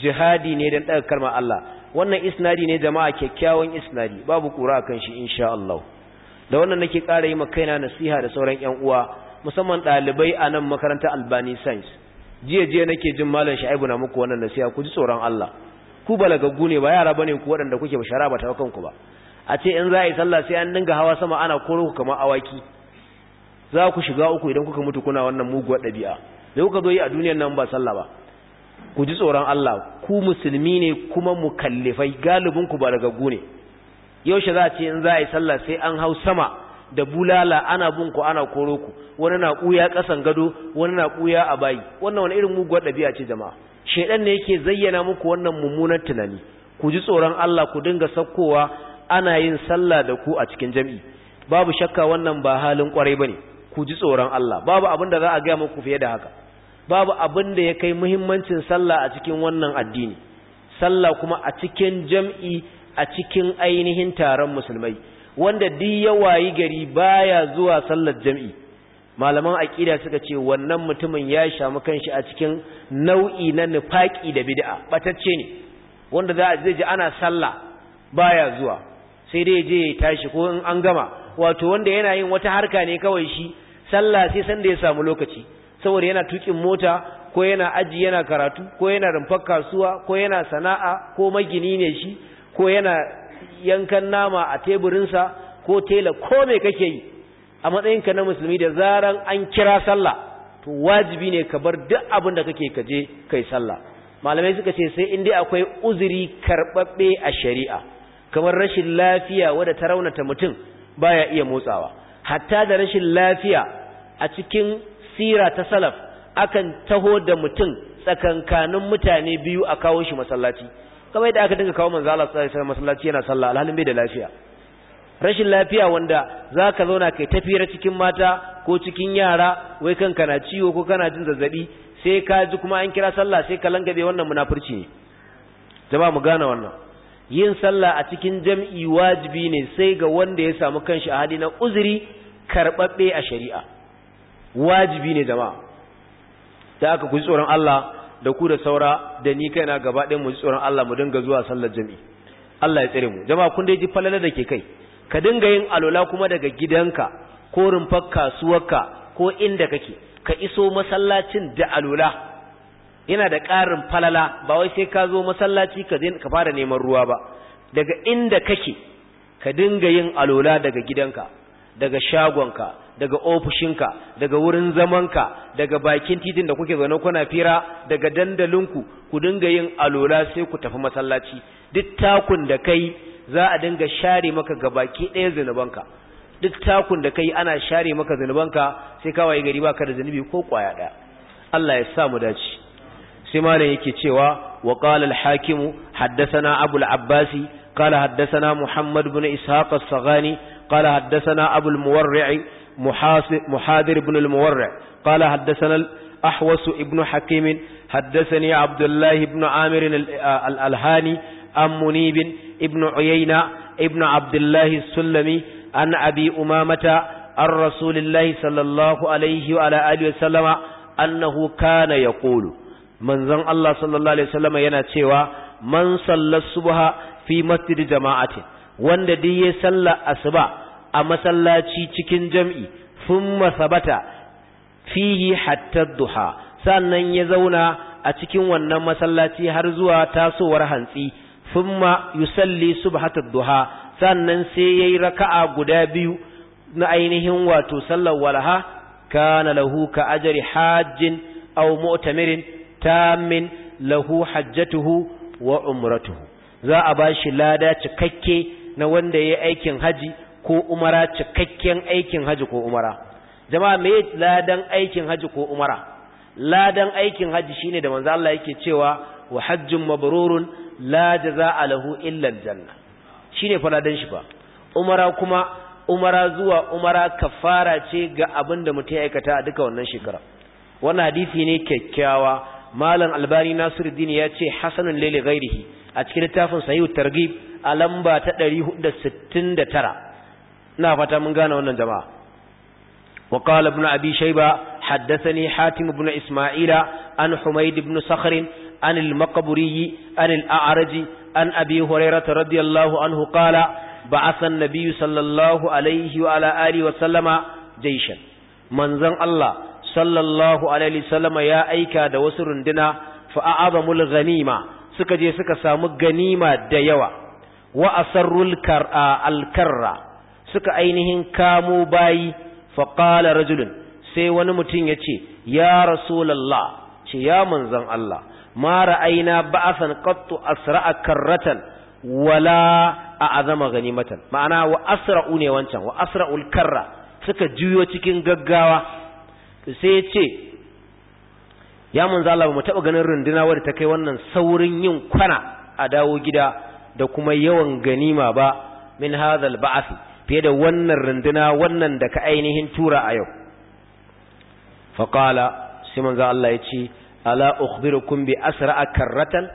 A: jihadi ne dan daga kalmar Allah wannan isnadi ne jama'a kyakkyawan isnadi babu kura akan shi insha Allah da wannan nake ƙara yi ma kaina nasiha da sauran ƴan uwa musamman ɗalibai a nan makarantar Albani Science jiya jiya nake jin malam sha'ibu na muku wannan nasiha ku ji tsoron Allah ku balagaggu ne ba yara bane ku waɗanda kuke bashara ba ta kanku ba a ce in za a yi sallah sai an dinga hawa sama ana koro ku kamar awaki za ku shiga uku idan kuka mutu kuna wannan muguwar ɗabi'a da kuka zo yi a duniyar nan ba sallah ba ku ji tsoron Allah ku musulmi ne kuma mukallifai galibin ku balagaggu ne yaushe za a ce in za a yi sallah sai an hau sama da bulala ana bin ku ana koro ku wani na kuya kasan gado wani na kuya a bayi wannan wani irin muguwar dabi'a ce jama'a shedan ne yake zayyana muku wannan mummunar tunani ku ji tsoron Allah ku dinga sakkowa ana yin sallah da ku a cikin jami'i babu shakka wannan ba halin kwarai bane ku ji tsoron Allah babu abin da za a ga muku fiye da haka babu abin da ya kai muhimmancin sallah a cikin wannan addini sallah kuma a cikin jam'i a cikin ainihin taron musulmai wanda duk ya wayi gari baya zuwa sallar jam'i malaman aqida suka ce wannan mutumin ya shamu kanshi a cikin nau'i na nifaqi da bid'a batacce ne wanda za zai ji ana sallah baya zuwa sai dai je ya tashi ko in an gama wato wanda yana yin wata harka ne kawai shi sallah sai san da ya samu lokaci saboda yana tukin mota ko yana aji yana karatu ko yana rumfar kasuwa ko yana sana'a ko magini ne shi ko yana yankan nama a teburinsa ko tela ko me kake yi a matsayinka na musulmi da zaran an kira sallah to wajibi ne ka bar duk abin da kake kaje kai sallah malamai suka ce sai in dai akwai uzuri karbabbe a shari'a kamar rashin lafiya wadda ta raunata mutum baya iya motsawa hatta da rashin lafiya a cikin sira ta salaf akan taho da mutum tsakankanin mutane biyu a kawo shi masallaci kamar yadda aka dinga kawo manzo Allah sallallahu alaihi wasallam masallaci yana sallah alhalin bai da lafiya rashin lafiya wanda za ka zauna kai tafiyar cikin mata ko cikin yara wai kanka na ciwo ko kana jin zazzabi sai ka ji kuma an kira sallah sai ka langabe wannan munafurci ne jama'a mu gane wannan yin sallah a cikin jam'i wajibi ne sai ga wanda ya samu kanshi a hali na uzuri karɓaɓɓe a shari'a wajibi ne jama'a da aka kuji tsoron Allah da ku da saura da ni kaina gaba ɗaya mu ji tsoron Allah mu dinga zuwa sallar jami'i Allah ya tsare mu jama'a kun dai ji falala da ke kai ka dinga yin alola kuma daga gidanka ko rumfar kasuwarka ko inda kake ka iso masallacin da alola yana da ƙarin falala ba wai sai ka zo masallaci ka ka fara neman ruwa ba daga inda kake ka dinga yin alola daga gidanka daga shagonka daga ofishinka daga wurin zamanka daga bakin titin da kuke zaune kuna fira daga dandalinku ku dinga yin alola sai ku tafi masallaci duk takun da kai za a dinga share maka gabaki ɗaya zanubanka duk takun da kai ana share maka zanubanka sai ka waye gari baka da zanubi ko kwaya ɗaya Allah ya sa mu dace sai malam yake cewa wa qala al-hakimu haddathana abul abbasi qala haddathana muhammad ibn ishaq as-saghani qala haddathana abul muwarri' محاذر بن المورع قال حدثنا الأحوس ابن حكيم حدثني عبد الله بن عامر الألهاني أم منيب ابن عيينة ابن عبد الله السلمي عن أبي أمامة عن رسول الله صلى الله عليه وعلى آله وسلم أنه كان يقول من ذن الله صلى الله عليه وسلم ينتشوا من صلى الصبح في مسجد جماعة wanda duk ya salla asuba a masallaci cikin jam'i thumma sabata fihi hatta duha sannan ya zauna a cikin wannan masallaci har zuwa tasowar hantsi thumma yusalli subhata duha sannan sai yayi raka'a guda biyu na ainihin wato sallar walaha kana lahu ka ajri hajjin aw mu'tamirin min lahu hajjatuhu wa umratuhu za a bashi lada cikakke na wanda yayi aikin haji ko umara cikakken aikin haji ko umara jama'a me ladan aikin haji ko umara ladan aikin haji shine da manzo Allah yake cewa wa hajjun mabrurun la jazaa lahu illa aljanna shine fa ladan shi ba umara kuma umara zuwa umara kafara ce ga abin da mutum aikata a duka wannan shekara wannan hadisi ne kyakkyawa malam albani nasiruddin ya ce hasanun lili ghairihi a cikin littafin sahih targhib a lamba ta 469 Na fata mun gane wannan jama'a wa qala ibn abi shayba haddathani hatim ibn isma'ila an humayd ibn sakhr an al-maqburi an al-a'raj an abi hurairah radiyallahu anhu qala ba'atha an-nabiy sallallahu alayhi wa ala alihi wa sallama jayshan Manzan Allah sallallahu alaihi sallama ya aika da wasu runduna fa a'azamul ghanima suka je suka samu ganima da yawa wa asarrul kar'a al-karra suka ainihin kamo bayi faƙala rajulun sai wani mutum ya ce ya rasulallah ce ya manzan Allah ma ra'aina ba'asan qattu asra'a karratan wala a azama ganimatan ma'ana wa asra'u ne wancan wa asra'ul karra suka juyo cikin gaggawa sai ya ce ya manzan Allah mu taɓa ganin runduna wadda ta kai wannan saurin yin kwana a dawo gida da kuma yawan ganima ba min hadhal ba'ath fiye da wannan runduna wannan da ka ainihin tura a yau faƙala sai manzo Allah ya ce ala ukhbirukum bi asra'a karratan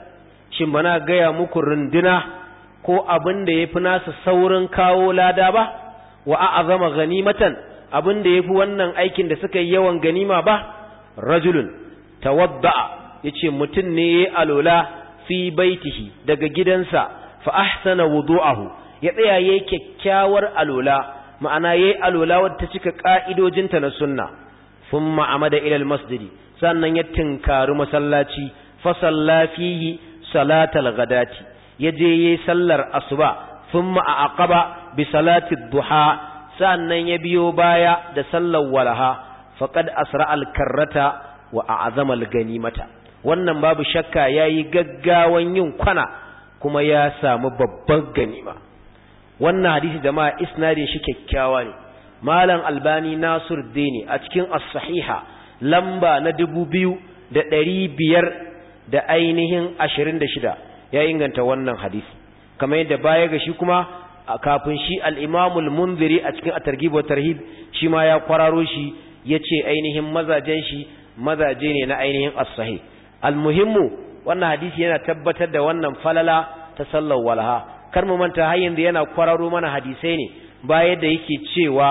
A: shin bana gaya muku runduna ko abin da yafi nasa saurin kawo lada ba wa gani ganimatan abin da yafi wannan aikin da suka yi yawan ganima ba rajulun tawadda yace mutum ne ya yi alola fi baitihi daga gidansa fa ahsana wudu'ahu ya tsaya yayi kyakkyawar alola ma'ana yayi alola wadda ta cika ta na sunna thumma amada ila almasjidi sannan ya tinkari masallaci fa sallafihi salatal ghadati yaje yayi sallar asuba thumma aqaba bi salati duha sannan ya biyo baya da sallar walaha faqad asra alkarrata wa a'zama alganimata wannan babu shakka yayi gaggawan yin kwana kuma ya samu babban ganima wannan hadisi ma isnadin shi kyakkyawa ne malam albani nasir dini a cikin as-sahiha lamba na dubu biyu da ɗari biyar da ainihin ashirin da shida ya inganta wannan hadisi kamar yadda baya ga shi kuma kafin shi al'imamul munziri a cikin atargibu tarhib shi ma ya kwararo shi ya ce ainihin mazajen shi mazaje ne na ainihin as-sahih al-muhimmu wannan hadisi yana tabbatar da wannan falala ta sallar walha kar mu manta har yanzu yana kwararo mana hadisai ne bayan da yake cewa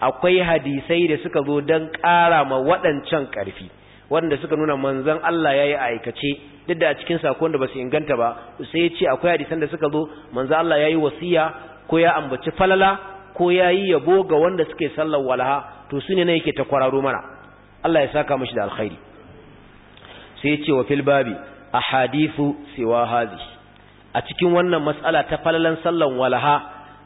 A: akwai hadisai da suka zo don ƙara ma waɗancan ƙarfi waɗanda suka nuna manzon Allah ya yi aikace duk da a cikin sakon da ba su inganta ba sai ya ce akwai hadisan da suka zo manzon Allah ya yi wasiya ko ya ambaci falala ko ya yi yabo ga wanda suke sallar walaha to su ne na yake ta kwararo mana Allah ya saka mashi da alkhairi sai ya ce wa fil babi ahadithu siwa hadhihi a cikin wannan matsala ta falalan sallan walaha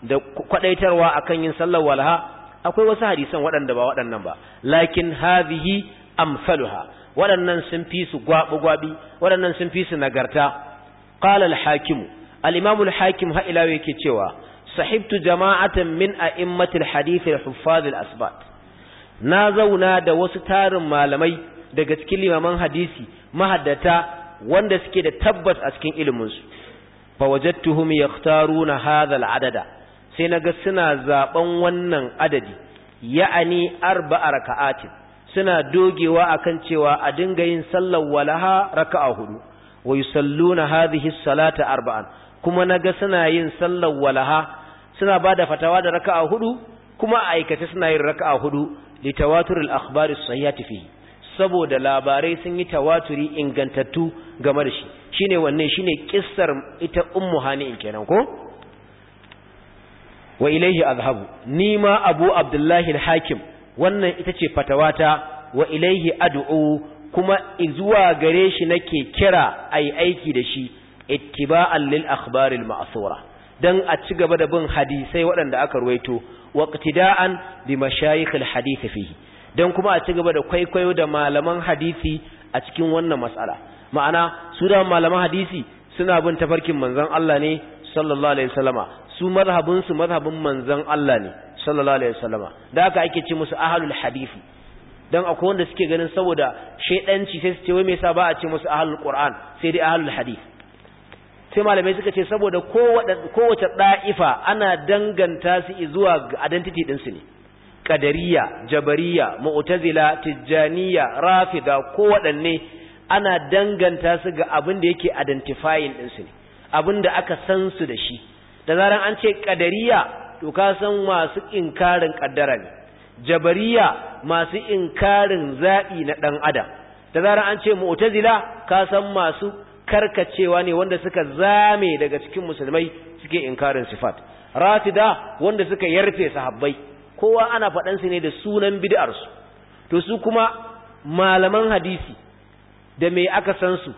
A: da kwadaitarwa akan yin sallan walaha akwai wasu hadisan waɗanda ba waɗannan ba lakin hadhihi amsaluha waɗannan sun fi su gwabi gwabi waɗannan sun fi su nagarta qala al-hakim al-imam al-hakim ha ila yake cewa sahibtu jama'atan min a'immatil hadith al-huffaz al-asbat na zauna da wasu tarin malamai daga cikin limaman hadisi mahaddata wanda suke da tabbas a cikin iliminsu fa wajen tuhumi hadha al-adada sai naga suna zaben wannan adadi ya'ani arba'a raka'atin suna dogewa akan cewa a dinga yin sallar walaha raka'a hudu wa yusalluna hadhihi salata arba'an kuma naga suna yin sallar walaha suna bada fatawa da raka'a hudu kuma a aikace suna yin raka'a hudu litawatur al-akhbar as-sahihati fihi saboda labarai sun yi tawaturi ingantattu game da shi shine wannan shine kissar ita ummu hani'in kenan ko wa ilaihi azhabu ni ma abu abdullahi hakim wannan ita ce fatawata wa ilaihi kuma zuwa gare shi nake kira yi aiki da shi ittiba'an lil akhbar al ma'thura dan a ci gaba da bin hadisai waɗanda aka ruwaito waqtida'an bi mashayikhil al hadith fihi don kuma a ci gaba da kwaikwayo da malaman hadisi a cikin wannan matsala ma'ana su da malaman hadisi suna bin tafarkin manzon Allah ne sallallahu alaihi wasallama su mazhabin su mazhabin manzon Allah ne sallallahu alaihi wasallama da haka ake ce musu ahlul hadisi dan akwai wanda suke ganin saboda shedanci sai su ce wai me yasa ba a ce musu ahlul qur'an sai dai ahlul hadisi sai malamai suka ce saboda kowace da'ifa ana danganta su zuwa identity din su ne ƙadariya jabariya mu'tazila tijjaniya rafida ko waɗanne ana danganta su ga abin da yake identifying ɗinsu ne abin da aka san su da shi da zaran an ce ƙadariya to ka san masu inkarin ƙaddara ne jabariya masu inkarin zaɓi na ɗan adam da zaran an ce mu'tazila ka san masu karkacewa ne wanda suka zame daga cikin musulmai suke inkarin sifat rafida wanda suka yarfe sahabbai kowa ana faɗansu ne da sunan bid'arsu to su kuma malaman hadisi da me aka san su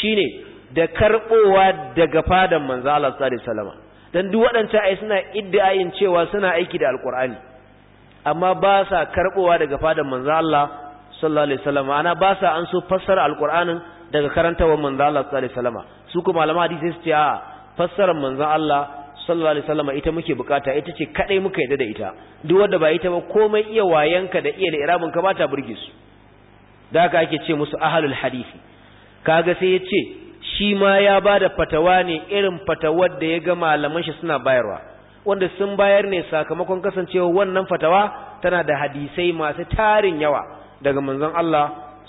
A: shine da karbowa daga fadan manzo Allah sallallahu alaihi wasallam dan duk waɗancan ai suna iddiayin cewa suna aiki da alqur'ani amma ba sa karbowa daga fadan manzo Allah sallallahu alaihi wasallam ana ba sa an so fassara alqur'anin daga karantawar manzo Allah sallallahu alaihi wasallam su kuma malaman hadisi su ce a fassarar manzo Allah sallallahu alaihi wasallam ita muke bukata ita ce kadai muka yadda da ita duk wanda ba ita ba komai iya wayanka da iya irabin ka bata burge su da haka ake ce musu ahlul hadisi kaga sai ya ce shi ma ya bada fatawa ne irin fatawar da ya ga malaman shi suna bayarwa wanda sun bayar ne sakamakon kasancewa wannan fatawa tana da hadisai masu tarin yawa daga manzon Allah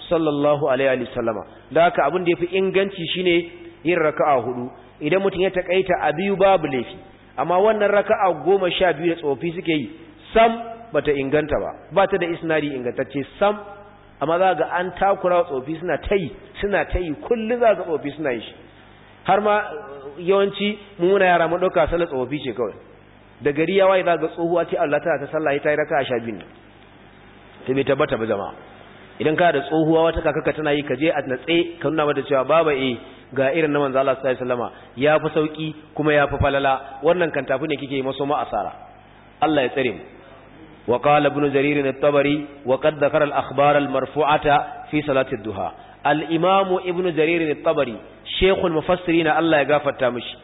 A: sallallahu alaihi wasallama da haka abin da yafi inganci shine yin raka'a hudu idan mutum ya takaita a biyu babu laifi amma wannan raka'a goma sha biyu da tsofi suke yi sam bata inganta ba ba ta da isnari ingantacce sam amma za ga an takura tsofi suna ta yi suna ta yi kullum za ga tsofi suna yi har ma uh, yawanci muna yara mu ɗauka sallar tsofi ce kawai da gari ya waye za ga tsohuwa ce Allah tana ta sallah ta yi raka'a sha biyu ta bai tabbata ba jama'a idan ka da tsohuwa wata kakaka tana yi ka je a natse ka nuna mata cewa baba eh ga irin na manzo Allah sallallahu alaihi ya fi sauki kuma ya fi falala wannan kan tafi ne kike yi maso ma asara Allah ya tsare mu wa qala ibn jarir at-tabari wa qad dhakara al-akhbar al-marfu'ata fi salati ad-duha al-imam ibn jarir at-tabari shaykh al-mufassirin Allah ya gafarta mishi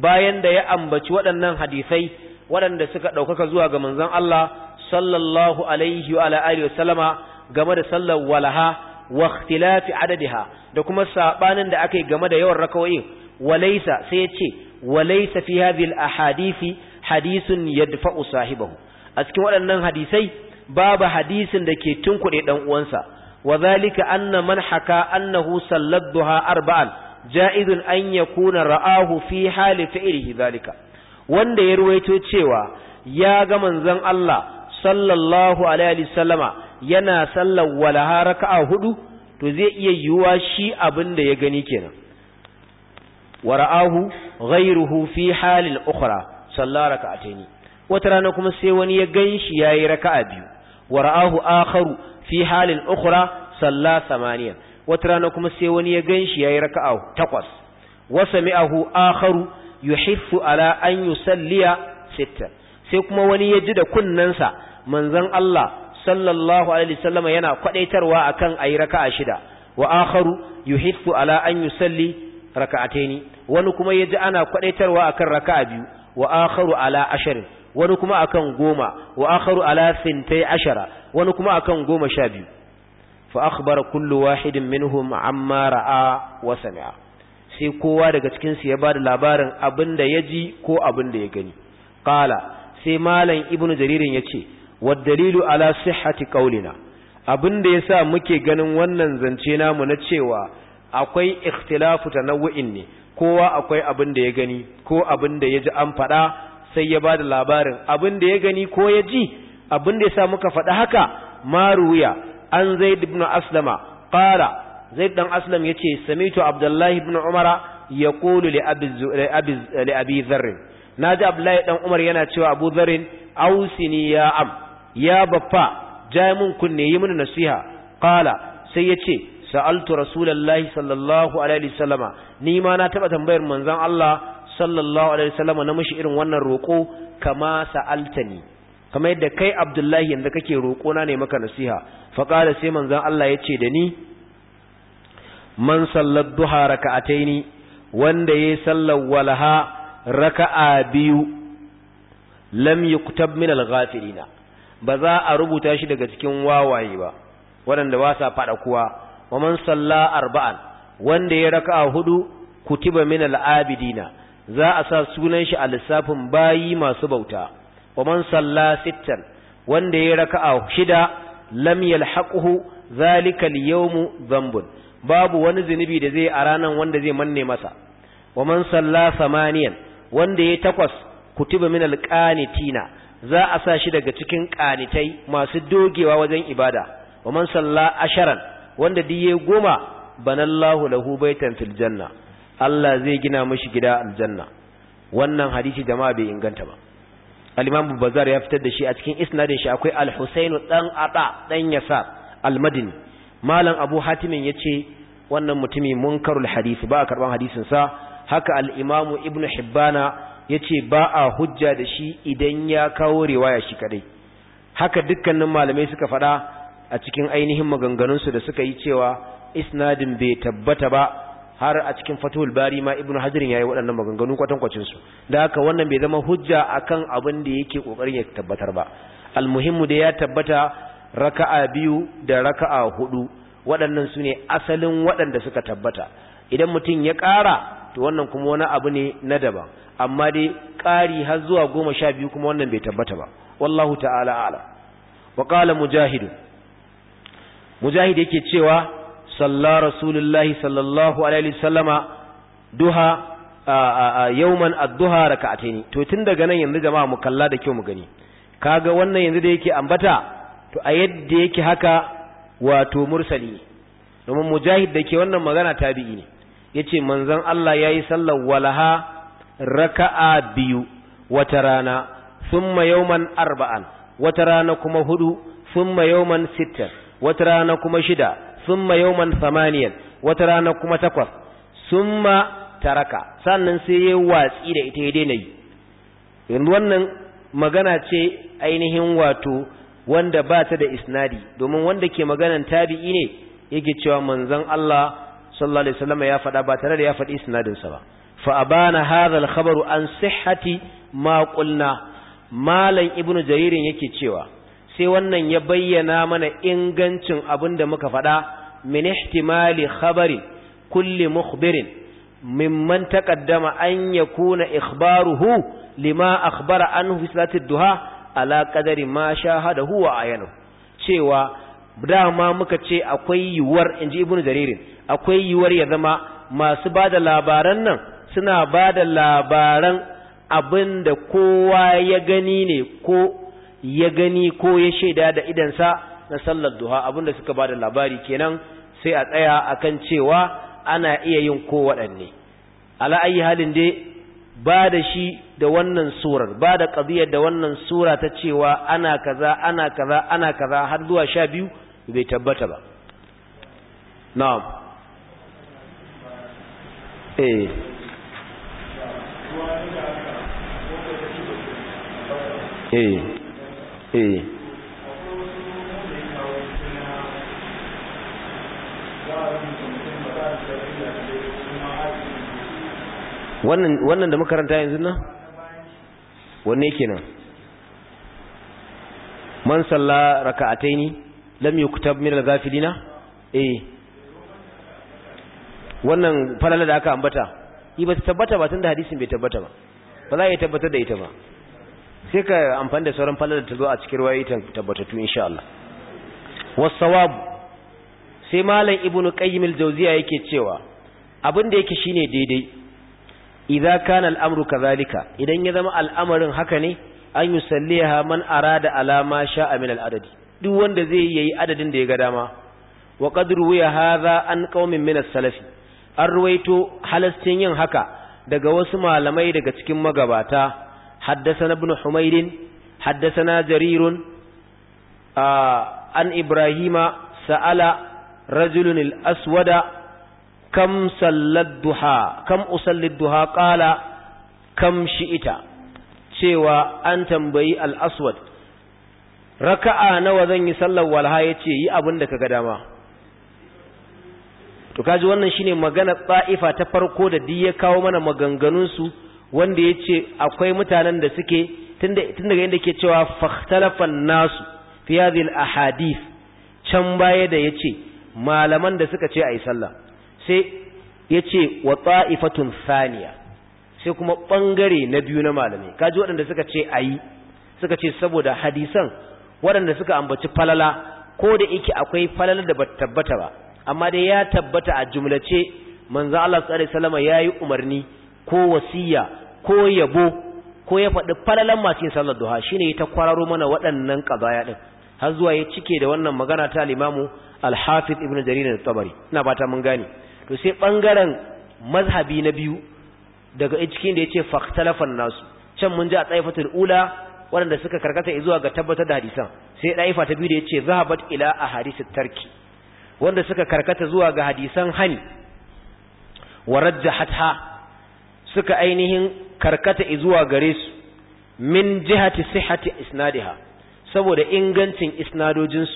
A: bayan da ya ambaci waɗannan hadisai waɗanda suka ɗaukaka zuwa ga manzon Allah sallallahu alaihi wa alihi wasallama game da sallar walaha wa ikhtilafi adadiha da kuma sabanin da akai game da yawan rakawoyin walaysa sai ya ce walaysa fi hadhihi al-ahadithi hadithun yadfa'u sahibahu a cikin waɗannan hadisai babu hadisin da ke tunkuɗe dan uwansa wa zalika anna man haka annahu salladduha arba'an ja'izun an yakuna ra'ahu fi hali fi'lihi zalika wanda ya ruwaito cewa ya ga manzon Allah sallallahu alaihi wasallama yana sallar walaha raka'a hudu to zai iya yiwuwa shi abin da ya gani kenan wara'ahu ghayruhu fi halil ukhra sallar raka'ataini wata rana kuma sai wani ya ganshi yayi raka'a biyu wara'ahu akharu fi halil ukhra sallar samaniya wata rana kuma sai wani ya ganshi yayi raka'a takwas wa sami'ahu akharu yuhiffu ala an yusalliya sitta sai kuma wani ya ji da kunnansa manzon Allah sallallahu alaihi wasallam yana kwadaitarwa akan ayi raka'a shida wa akharu yuhiffu ala an yusalli raka'ataini wani kuma yaji ana kwadaitarwa akan raka'a biyu wa akharu ala asharin wani kuma akan goma wa akharu ala sintai ashara wani kuma akan goma sha biyu fa akhbara kullu wahidin minhum amma ra'a wa sami'a sai kowa daga cikin su ya bada labarin abinda ya ji ko abinda ya gani qala sai malam ibnu jaririn yace waddalilu ala sihhati qaulina abin da yasa muke ganin wannan zance namu na cewa akwai ikhtilafu tanawu'in ne kowa akwai abin da ya gani ko abin da ya ji an faɗa sai ya bada labarin abin da ya gani ko ya ji abin da yasa muka faɗa haka maruya an zaid ibn aslama qala zaid dan aslam yace samitu abdullahi ibn umara yaqulu li abi li abi dharr naji abdullahi dan umar yana cewa abu dharr ausini ya am ya baffa ja mun kunne yi mun nasiha kala sai yace sa'altu Rasulallah sallallahu alaihi wasallama ni ma na taɓa tambayar manzan Allah sallallahu alaihi wasallama na mishi irin wannan roƙo. kama ni. kama yadda kai Abdullahi yanda kake roƙo, na ne maka nasiha fa da sai manzan Allah yace da ni man sallat duha raka'ataini wanda yayi sallar walaha raka'a biyu lam yuktab min al-ghafilina ba za a rubuta shi daga cikin wawaye ba waɗanda ba sa faɗa kuwa wa man salla arba'an wanda ya raka'a hudu kutiba min al-abidina za a sa sunan shi a lissafin bayi masu bauta wa man salla sittan wanda ya raka'a shida lam yalhaquhu zalika al-yawmu dhanbun babu wani zunubi da zai a ranan wanda zai manne masa wa man salla samaniyan wanda ya takwas kutiba min al-qanitina za a sa shi daga cikin ƙanitai masu dogewa wajen ibada wa man salla asharan wanda diye goma banallahu lahu baitan fil janna Allah zai gina mishi gida aljanna wannan hadisi jama'a bai inganta ba al-imam bazar ya fitar da shi a cikin isnadin shi akwai al-husainu dan ata dan yasa al-madini malam abu hatimin yace wannan mutumi munkarul hadisi ba karban hadisin sa haka al-imam ibnu hibbana yace ba a hujja da shi idan ya kawo riwaya shi kadai haka dukkanin malamai suka faɗa a cikin ainihin maganganunsu da suka yi cewa isnadin bai tabbata ba har a cikin fatul bari ma ibnu ya yayi waɗannan maganganu kwatankwacin su da haka wannan bai zama hujja akan abin da yake kokarin ya tabbatar ba almuhimmu da ya tabbata raka'a biyu da raka'a hudu waɗannan su ne asalin waɗanda suka tabbata idan mutum ya ƙara to wannan kuma wani abu ne na daban amma dai ƙari har zuwa goma sha biyu kuma wannan bai tabbata ba wallahu ta'ala ala wa qala mujahidu mujahidu yake cewa salla rasulullahi sallallahu alaihi sallama duha yawman ad-duha raka'ataini to tun daga nan yanzu jama'a mu kalla da kyau mu gani kaga wannan yanzu da yake ambata to a yadda yake haka wato mursali domin mujahid da ke wannan magana tabi'i ne yace manzon Allah yayi sallar walaha raka'a biyu wata rana thumma yawman arba'an wata rana kuma hudu thumma yawman sittan wata rana kuma shida thumma yawman thamaniyan wata rana kuma takwas thumma taraka sannan sai ya watsi da ita ya daina yi wannan magana ce ainihin wato wanda ba ta da isnadi domin wanda ke maganan tabi'i ne yake cewa manzon Allah sallallahu alaihi wasallam ya faɗa ba tare da ya faɗi isnadinsa ba fa abana hadha al-khabaru an sihhati maƙulna malam ibnu jaririn yake cewa sai wannan ya bayyana mana ingancin abin da muka faɗa min ihtimali khabari kulli mukhbirin mimman taqaddama an yakuna ikhbaruhu lima akhbara anhu fi salati duha ala qadari ma shahadahu wa ayanu cewa dama muka ce akwai yiwuwar inji ibnu jaririn akwai yiwuwar ya zama masu bada labaran nan suna ba da labaran abin da kowa ya gani ne ko ya gani ko ya shaida da idansa na sallar duha abin da suka ba da labari kenan sai a tsaya akan cewa ana iya yin ko waɗanne ala ayi halin dai ba da shi da wannan surar ba da ƙabiyar da wannan sura ta cewa ana kaza ana kaza ana kaza har zuwa sha biyu bai tabbata ba na'am eh eh eh wannan da makaranta yanzu nan wanne nan man salla raka'ataini lam yuktab min al-ghafilina eh wannan falala da aka ambata yi ba su tabbata ba tun da hadisin bai tabbata ba ba za a yi tabbatar da ita ba sai ka amfani da sauran falar da ta zo a cikin ruwayi tabbatattu insha Allah wasawabu sai malam ibnu qayyim jauziya jawziya yake cewa abin da yake shine daidai idza kana al-amru kadhalika idan ya zama al'amarin haka ne an yusalliha man da alama sha a al-adadi duk wanda zai yi adadin da ya ga dama wa qadru ya hadha an qaumin min as-salafi an ruwaito halastin yin haka daga wasu malamai daga cikin magabata haddasana ibn humaydin haddasana jarirun an ibrahima sa'ala rajulun al-aswada kam salladduha kam usalliduha qala kam shi'ita cewa an tambayi al-aswad raka'a nawa zan yi sallar walha yace yi abin da kaga dama to kaji wannan shine magana tsa'ifa ta farko da diya kawo mana maganganun su wanda yace akwai mutanen da suke tunda tun daga inda ke cewa fakhtalafan nasu fi hadhihi ahadith can baya da yace malaman da suka ce ayi sallah sai yace wa tsaifatun thaniya sai kuma bangare na biyu na malami kaji waɗanda suka ce ayi suka ce saboda hadisan waɗanda suka ambaci falala ko da yake akwai falala da bata tabbata ba amma dai ya tabbata a jumlace manzo Allah sallallahu alaihi wasallam yayi umarni ko wasiya ko yabo ko ya faɗi falalan masu yin sallar duha shine ya ta kwararo mana waɗannan qazaya din har zuwa ya cike da wannan magana ta al-Imam al-hafiz ibn jarir al-tabari ina fata mun gane to sai bangaren mazhabi na biyu daga cikin da yace faqtalafan nasu can mun ji a tsaifatul ula waɗanda suka karkata zuwa ga tabbatar da hadisan sai ɗaifa ta biyu da yace zahabat ila at tarki wanda suka karkata zuwa ga hadisan hani wa rajjahatha suka ainihin karkata zuwa gare su min jihati sihhati isnadiha saboda ingancin isnadojin su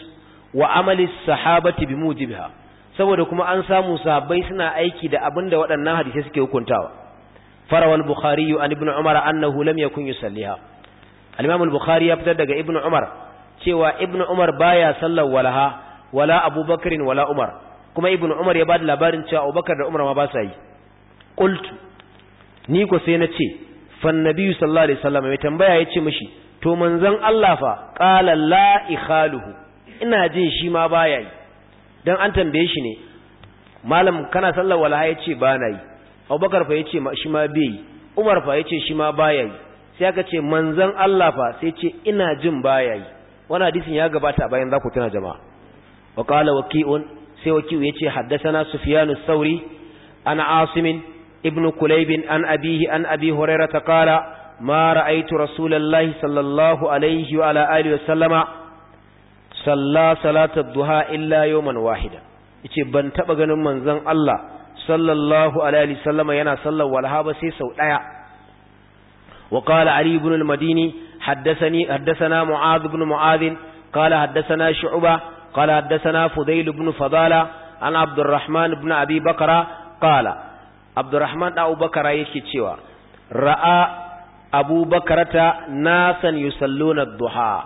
A: wa amali sahabati bimujibiha saboda kuma an samu sahabbai suna aiki da abinda waɗannan hadisai suke hukuntawa farawal bukhari an ibnu umar annahu lam yakun yusalliha al-imam al-bukhari ya fitar daga ibnu umar cewa Ibn umar baya sallar walaha wala abubakar wala umar kuma Ibn umar ya ba da labarin cewa abubakar da umar ma ba sa yi qultu ni ko sai na ce fan sallallahu alaihi wasallam mai tambaya ya ce mishi to manzon Allah fa qala la ikhaluhu ina jin shi ma baya yi dan an tambaye shi ne malam kana sallar wala ya ce ba na yi abubakar fa ya ce shi ma bai yi umar fa ya ce shi ma baya yi sai aka ce manzon Allah fa sai ce ina jin baya yi wannan hadisin ya gabata bayan za ku tuna jama'a wa qala waqi'un sai waqi'u yace haddathana sufyan as-sauri ana asim ibn kulayb an abihi an abi hurairah qala ما رأيت رسول الله صلى الله عليه وعلى آله وسلم صلى صلاة الضحى إلا يوما واحدا yace ban taba ganin manzon Allah sallallahu alaihi wasallam yana sallar walha ba sai sau ɗaya. wa qala ali ibn al-madini haddathani haddathana mu'adh ibn قال حدثنا فضيل بن فضالة عن عبد الرحمن بن أبي بكر قال عبد الرحمن أبو بكر يكتشوا رأى أبو بكرة ناسا يصلون الضحى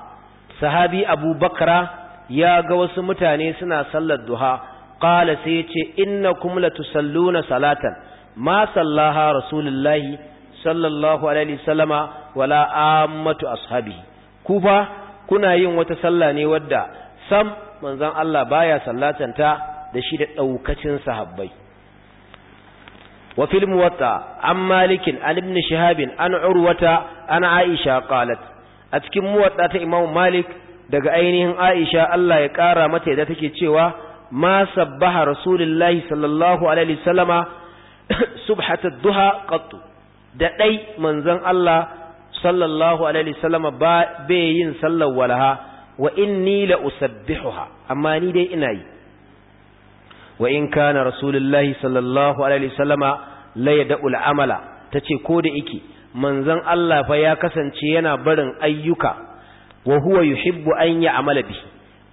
A: sahabi abu bakra ya ga wasu mutane suna sallar duha ƙala sai yace ce inna kumla tusalluna salatan ma sallaha rasulullahi sallallahu alaihi wasallama wala ammatu ashabi ku fa kuna yin wata sallah ne wadda sam manzon Allah baya sallatanta da shi da daukacin sahabbai wa fil muwatta an malikin an ibn shahabin an urwata ana aisha qalat a cikin muwatta ta imamu malik daga ainihin aisha Allah ya ƙara mata da take cewa ma sabbaha rasulullahi sallallahu alaihi wasallama subhatat duha qattu da dai manzon Allah sallallahu alaihi wasallama ba bai yin sallar walaha wa inni la usabbihuha amma ni dai ina yi wa in kana rasulullahi sallallahu alaihi wasallama la yad'ul amala tace ko da yake manzon Allah fa ya kasance yana barin ayyuka wa huwa yuhibbu an ya'mala bihi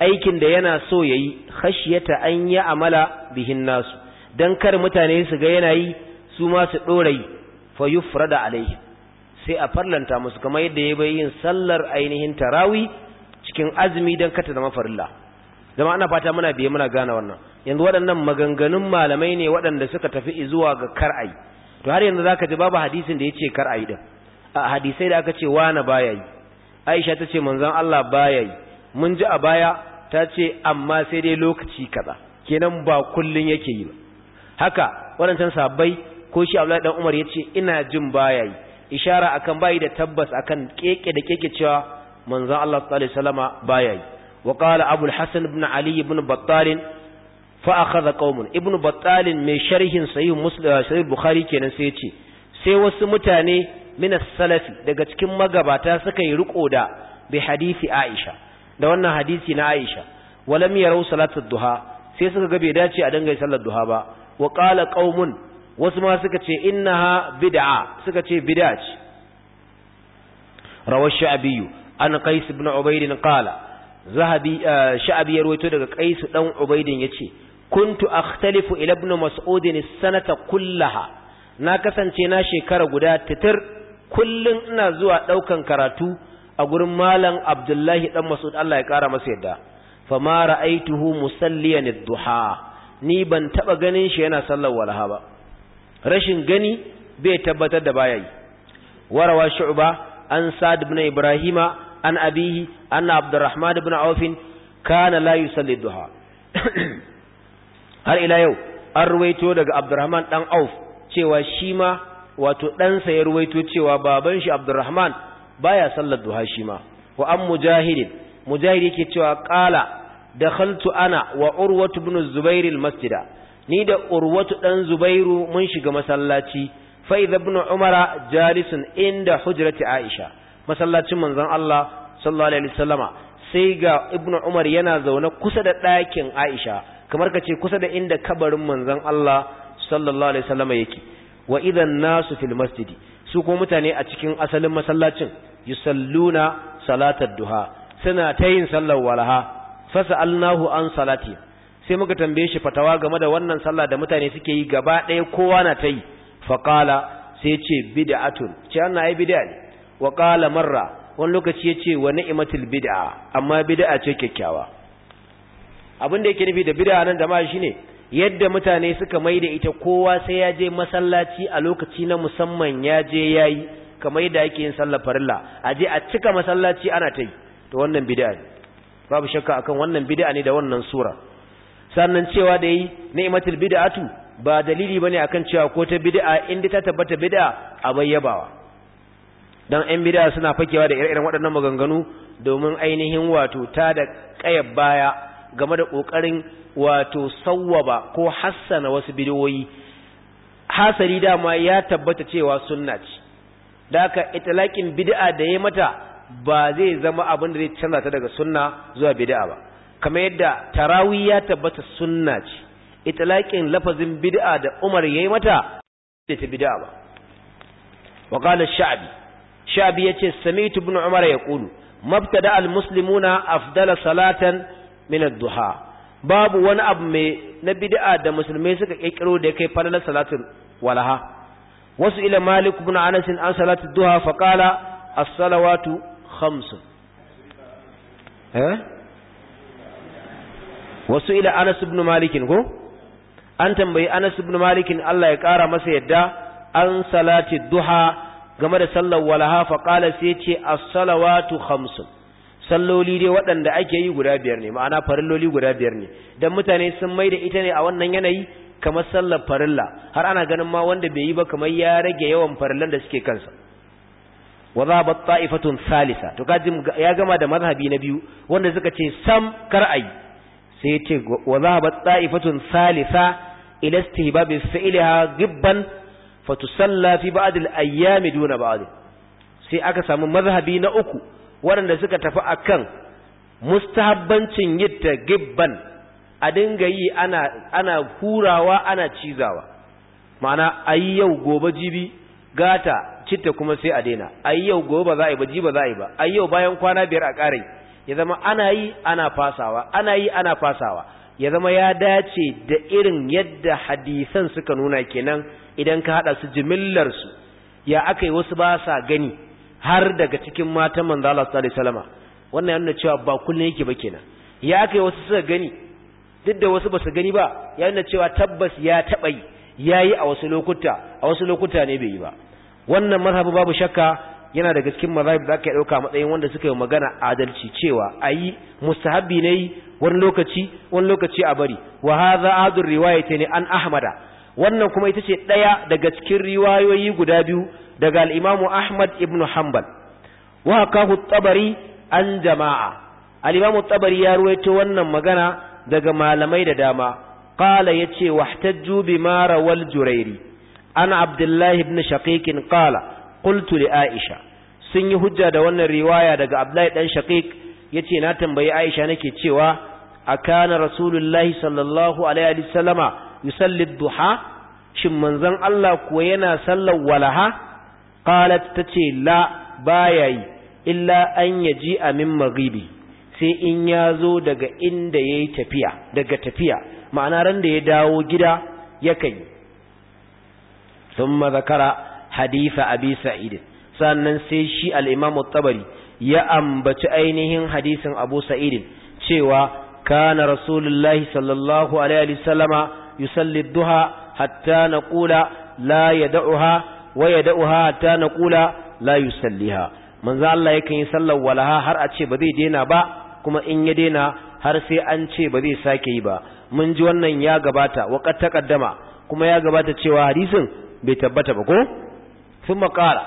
A: aikin da yana so yayi khashiyata an ya'mala bihin nasu dan kar mutane su ga yana yi su ma su dore yi fa yufrada alaihi sai a farlanta musu kamar yadda ya yin sallar ainihin tarawi cikin azumi don kata zama farilla zama ana fata muna biye muna gane wannan yanzu waɗannan maganganun malamai ne waɗanda suka tafi zuwa ga kar'ai to har yanzu zaka ji babu hadisin da ya ce kar'ai din a hadisai da aka ce wana baya yi aisha ta ce manzon Allah baya mun ji a baya ta ce amma sai dai lokaci kaza kenan ba kullum yake yi ba haka waɗancan sabbai ko shi Abdullahi dan Umar ya ce ina jin baya yi ishara akan bayi da tabbas akan keke da keke cewa manzo Allah sallallahu alaihi wasallama baya yi wa qala abul hasan ibn ali ibn battal fa akhadha qaumun ibn battal mai sharhin sahih muslim sahih bukhari kenan sai yace sai wasu mutane min salafi daga cikin magabata suka yi riko da bi hadisi aisha da wannan hadisi na aisha walam yarau salatu duha sai suka ga bai dace a dangai sallar duha ba wa qala qaumun wasu ma suka ce innaha bid'a suka ce bid'a ce rawash sha'biyu an qais ibn ubayd qala zahabi eh, sha'abi ya rawaito daga qais dan ubayd yace kuntu akhtalifu ila ibn mas'ud sanata kullaha na kasance na shekara guda titir kullun ina zuwa daukan karatu a gurin malam abdullahi dan mas'ud Allah ya kara masa yadda ma ra'aituhu musalliyan ad-duha ni ban taba ganin shi yana sallar walha ba rashin gani bai tabbatar da baya warawa shu'ba an sa'd ibn ibrahima an abihi anna abdurrahman ibn auf kana la yusalli duha har ila yau an ruwaito daga abdurrahman dan auf cewa shi ma wato ɗansa ya ruwaito cewa baban shi abdurrahman baya sallar duha shi ma wa an mujahid mujahid yake cewa qala dakhaltu ana wa urwatu ibn zubair masjida ni da urwatu dan zubairu mun shiga masallaci fa idha ibn umara jalisun inda hujrati aisha masallacin manzon Allah sallallahu alaihi wasallama sai ga ibnu umar yana zaune kusa da ɗakin aisha kamar kace ce kusa da inda kabarin manzon Allah sallallahu alaihi wasallama yake wa idan nasu fil masjidi su ko mutane a cikin asalin masallacin yusalluna salatar duha suna ta yin sallar walaha fasalnahu an salati sai muka tambaye shi fatawa game da wannan sallah da mutane suke yi gaba ɗaya kowa na ta yi faqala sai ce bid'atun ce annan ai bid'a ne wa qala marra wani lokaci yace wa ni'matul bid'a amma bid'a ce kyakkyawa abin da yake nufi da bid'a nan jama'a shine yadda mutane suka maida ita kowa sai ya je masallaci a lokaci na musamman ya je yayi kamar yadda ake yin sallar farilla a je a cika masallaci ana ta yi to wannan bid'a ne babu shakka akan wannan bid'a ne da wannan sura sannan cewa da yi ni'matul bid'atu ba dalili bane akan cewa ko ta bid'a inda ta tabbata bid'a a bayyabawa dan yan bid'a suna fakewa da ire-iren waɗannan maganganu domin ainihin wato ta da ƙaya baya game da ƙoƙarin wato sawwaba ko hassana wasu bidiyoyi hasari dama ya tabbata cewa sunna ce da aka italakin bid'a da ya mata ba zai zama abin da zai canza ta daga sunna zuwa bid'a ba kamar yadda tarawih ya tabbata sunna ce italakin lafazin bid'a da Umar ya yi mata da ta bid'a ba wa qala shabi yace sami'tu ibn umar ya kulu mabtada al muslimuna afdala salatan min ad-duha babu wani abu mai na bid'a da musulmai suka kirkiro da kai falalar salatin walaha wasu ila malik ibn anas an salatu duha fa qala as-salawatu khams eh wasu ila anas ibn malik ko an tambayi anas ibn malik Allah ya kara masa yadda an salati duha game da sallar walaha fa qala sai ce as-salawatu khamsun salloli dai waɗanda ake yi guda biyar ne ma'ana farilloli guda biyar ne dan mutane sun mai da ita ne a wannan yanayi kamar sallar farilla har ana ganin ma wanda bai yi ba kamar ya rage yawan farillan da suke kansa wa zabat ta'ifatun salisa to kaji ya gama da mazhabi na biyu wanda suka ce sam kar'ai sai ya ce wa zabat ta'ifatun salisa ila istihbabi fi'liha gibban fatusalla fi ba'd al-ayyam duna ba'd sai aka samu mazhabi na uku waɗanda suka tafi akan mustahabbancin yitta gibban a dinga yi ana ana hurawa ana cizawa ma'ana ayi yau gobe jibi gata citta kuma sai a daina ayi yau gobe ba za a yi ba jibi ba za a yi ba ayi yau bayan kwana biyar a ƙarai ya zama ana yi ana fasawa ana yi ana fasawa ya zama ya dace da irin yadda hadisan suka nuna kenan idan ka hada su jimillar su ya akai wasu ba sa gani har daga cikin matan manzo Allah sallallahu alaihi wasallam wannan yana cewa ba kullun yake ba kenan ya akai wasu suka gani duk da wasu ba su gani ba ya nuna cewa tabbas ya taba yi yayi a wasu lokuta a wasu lokuta ne bai yi ba wannan mazhabu babu shakka yana daga cikin mazahib da aka dauka matsayin wanda suka yi magana adalci cewa ayi mustahabbi ne wani lokaci wani lokaci a bari wa hadha adur ne an ahmada wannan kuma ita ce daya daga cikin riwayoyi guda biyu daga al-imamu ahmad ibn hanbal wa hakahu tabari an jama'a al-imamu tabari ya ruwaito wannan magana daga malamai da dama qala yace wahtajju bima rawal jurairi An abdullahi ibn shaqiq qala qultu li aisha sun yi hujja da wannan riwaya daga abdullahi dan shaqiq yace na tambayi aisha nake cewa akana rasulullahi sallallahu alaihi wa sallama yusalli duha shin manzon Allah kuwa yana sallar walaha qalat tace la baya yi illa an yaji min maghribi sai in yazo zo daga inda yayi tafiya daga tafiya ma'ana ran da ya dawo gida ya kai. thumma zakara Hadisa abi sa'id sannan sai shi al-imam tabari ya ambaci ainihin hadisin abu sa'id cewa kana rasulullahi sallallahu alaihi sallama yusalli duha hatta naqula la yad'uha wa yad'uha hatta naqula la yusalliha manzo Allah yakan yi sallar walaha har a ce ba zai daina ba kuma in ya daina har sai an ce ba zai sake yi ba mun ji wannan ya gabata wa qad taqaddama kuma ya gabata cewa hadisin bai tabbata ba ko sun makara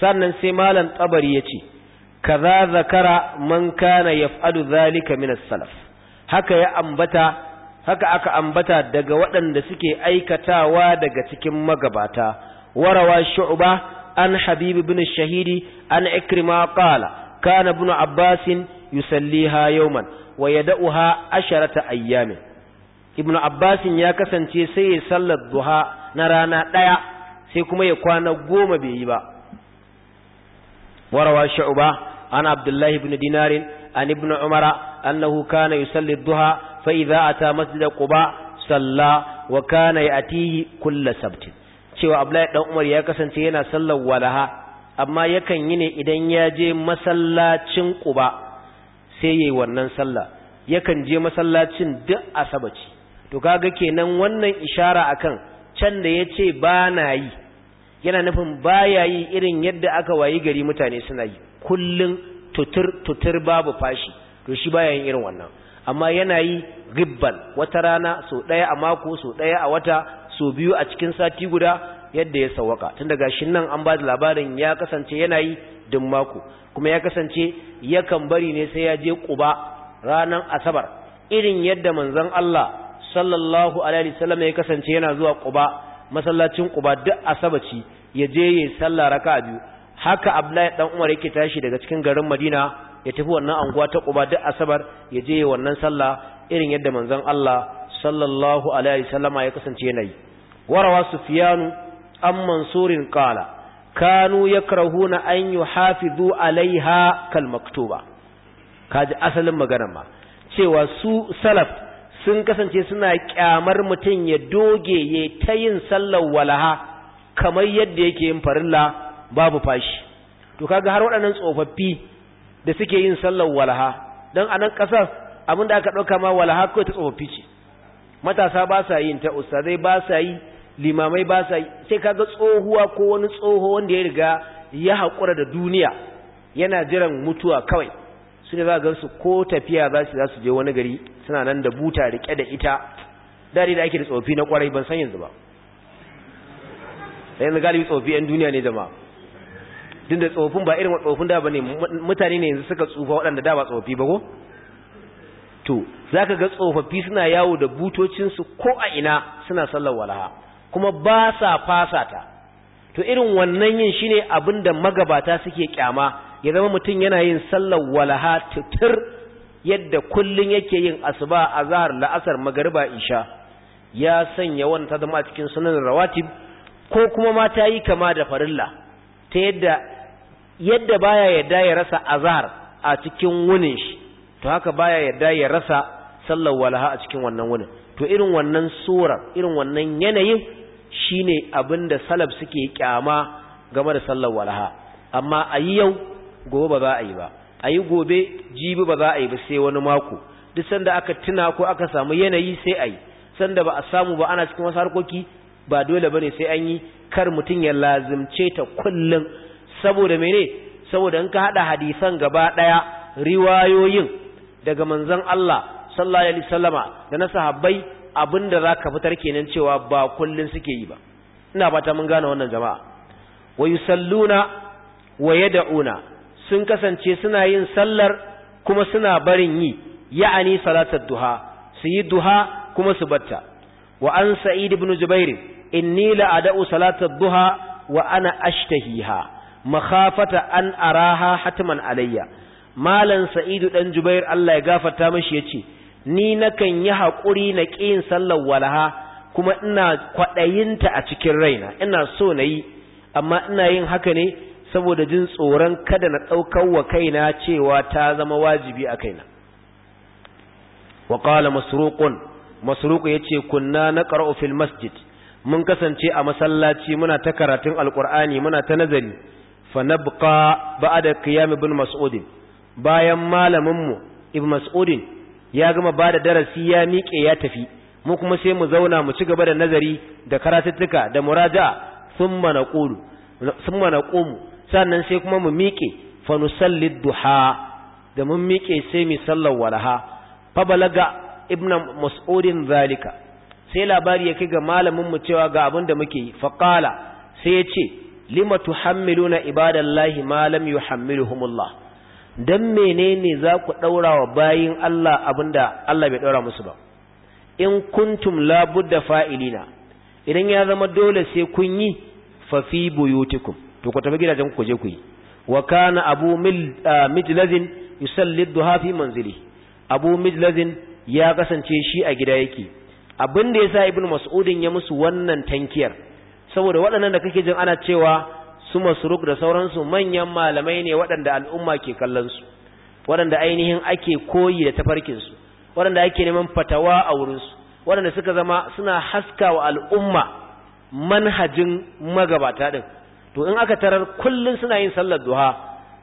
A: sannan sai malam tsabari ya ce kaza zakara man kana yaf'alu zalika min salaf haka ya ambata haka aka ambata daga waɗanda suke aikatawa daga cikin magabata warawa shu'ba an habib ibn shahidi an ikrima qala kana ibn abbas yusalliha yawman wa yad'uha asharata ayyamin ibn abbas ya kasance sai ya sallar duha na rana daya sai kuma ya kwana goma bai yi ba warawa sha'uba an abdullahi ibn dinarin an ibn umara annahu kana yusalli duha fa idza ata masjid quba salla wa kana yatihi kull sabt cewa abdullahi dan umar ya kasance yana sallar walaha amma yakan yi ne idan ya je masallacin quba sai yayi wannan sallah yakan je masallacin duk asabaci to kaga kenan wannan ishara akan can da yace ba na yi yana nufin baya yi irin yadda aka wayi gari mutane suna yi kullun tutur babu fashi to shi baya yin irin wannan amma yana yi ribban wata rana so daya a mako so daya a wata so biyu a cikin sati guda yadda ya sawaka tun daga shin nan an ba da labarin ya kasance yana yi duk mako kuma ya kasance yakan bari ne sai ya je kuba ranan asabar irin yadda manzon Allah sallallahu alaihi wasallam ya kasance yana zuwa ƙuba, masallacin kuba duk asabaci ya je ya sallah raka a biyu haka Abdullahi dan Umar yake tashi daga cikin garin Madina ya tafi wannan anguwa ta Quba duk asabar ya je ya wannan sallah irin yadda manzon Allah sallallahu alaihi wasallama ya kasance yana yi warawa Sufyan an Mansurin qala kanu yakrahuna an yuhafizu alaiha kal maktuba kaji asalin maganar ma cewa su salaf sun kasance suna kyamar mutum ya doge ya ta yin sallar walaha kamar yadda yake yin farilla babu fashi to kaga har waɗannan tsofaffi da suke yin sallar walaha dan anan kasar abinda aka ɗauka ma walaha ko ta tsofaffi ce matasa ba sa yin ta ustazai ba sa yi limamai ba sa yi sai kaga tsohuwa ko wani tsoho wanda ya riga ya hakura da duniya yana jiran mutuwa kawai su ne za ga su ko tafiya za su za su je wani gari suna nan da buta riƙe da ita dare da ake da tsofi na kwarai ban san yanzu ba yanzu galibi tsofi yan duniya ne jama'a din da tsofin ba irin tsofin da ne mutane ne yanzu suka tsufa waɗanda da ba tsofi ba ko to za ka ga tsofaffi suna yawo da butocinsu ko a ina suna sallar walaha kuma ba sa fasa ta to irin wannan yin shine abin da magabata suke kyama ya zama mutum yana yin sallar walaha tutur yadda kullum yake yin asuba a zahar la'asar magariba isha ya sanya wannan ta zama a cikin sunan rawatib ko kuma ma yi kama da farilla ta yadda yadda baya yadda ya rasa azar a cikin wunin shi to haka baya yadda ya rasa sallar walaha a cikin wannan wunin to irin wannan surar irin wannan yanayin shine abin da salaf suke kyama game da sallar walaha amma ayi yau gobe ba za a yi ba ayi gobe jibi ba za a yi ba sai wani mako duk sanda aka tuna ko aka samu yanayi sai ayi, sanda ba a samu ba ana cikin wasu harkoki ba dole bane sai an yi kar mutum ya lazimce ta kullum saboda mene saboda in ka hada hadisan gaba daya riwayoyin daga manzon Allah sallallahu alaihi wasallama da na sahabbai abinda zaka fitar kenan cewa ba kullun suke yi ba ina fata mun gane wannan jama'a wa yusalluna wa sun kasance suna yin sallar kuma suna barin yi ya'ani salatul duha su yi duha kuma su batta wa an sa'id ibn jubair inni la ada'u salata duha wa ana ashtahiha makhafata an araha hatman alayya malan Sa'idu dan jubair Allah ya gafarta mashi yace ni nakan yi haƙuri na kin sallar walaha kuma ina kwaɗayinta a cikin raina ina so na yi. amma ina yin haka ne saboda jin tsoron kada na daukar wa kaina cewa ta zama wajibi a kaina wa qala masruqun masruku ce kunna na fil masjid mun kasance a masallaci muna ta karatun Alƙur'ani muna ta nazari fa nabqa ba'da qiyam ibn mas'ud bayan malamin mu ibn mas'ud ya gama bada darasi ya miƙe ya tafi mu kuma sai mu zauna mu ci gaba da nazari da karatuttuka da muraja'a thumma naqulu thumma naqumu sannan sai kuma mu miƙe fa nusalli duha da mun miƙe sai mu sallar walaha fa balaga ibn mas'udin zalika sai labari ya kai ga malamin mu cewa ga abin da muke yi faqala sai ya ce lima tuhammiluna ibadallahi ma lam yuhammiluhumullah dan menene za ku daura wa bayin Allah abinda Allah bai daura musu ba in kuntum la da fa'ilina idan ya zama dole sai kun yi fa fi buyutikum to ku tafi gidajen ku je ku yi wa kana abu ah, mijlazin yusalli duha fi manzili abu mijlazin ya kasance shi a gida yake abin da ya sa ibnu mas'udin ya musu wannan tankiyar saboda waɗannan da kake jin ana cewa su masruk da sauransu manyan malamai ne waɗanda al'umma ke kallon su waɗanda ainihin ake koyi da tafarkin su waɗanda ake neman fatawa a wurinsu, waɗanda suka zama suna haska wa al'umma manhajin magabata din to in aka tarar kullum suna yin sallar duha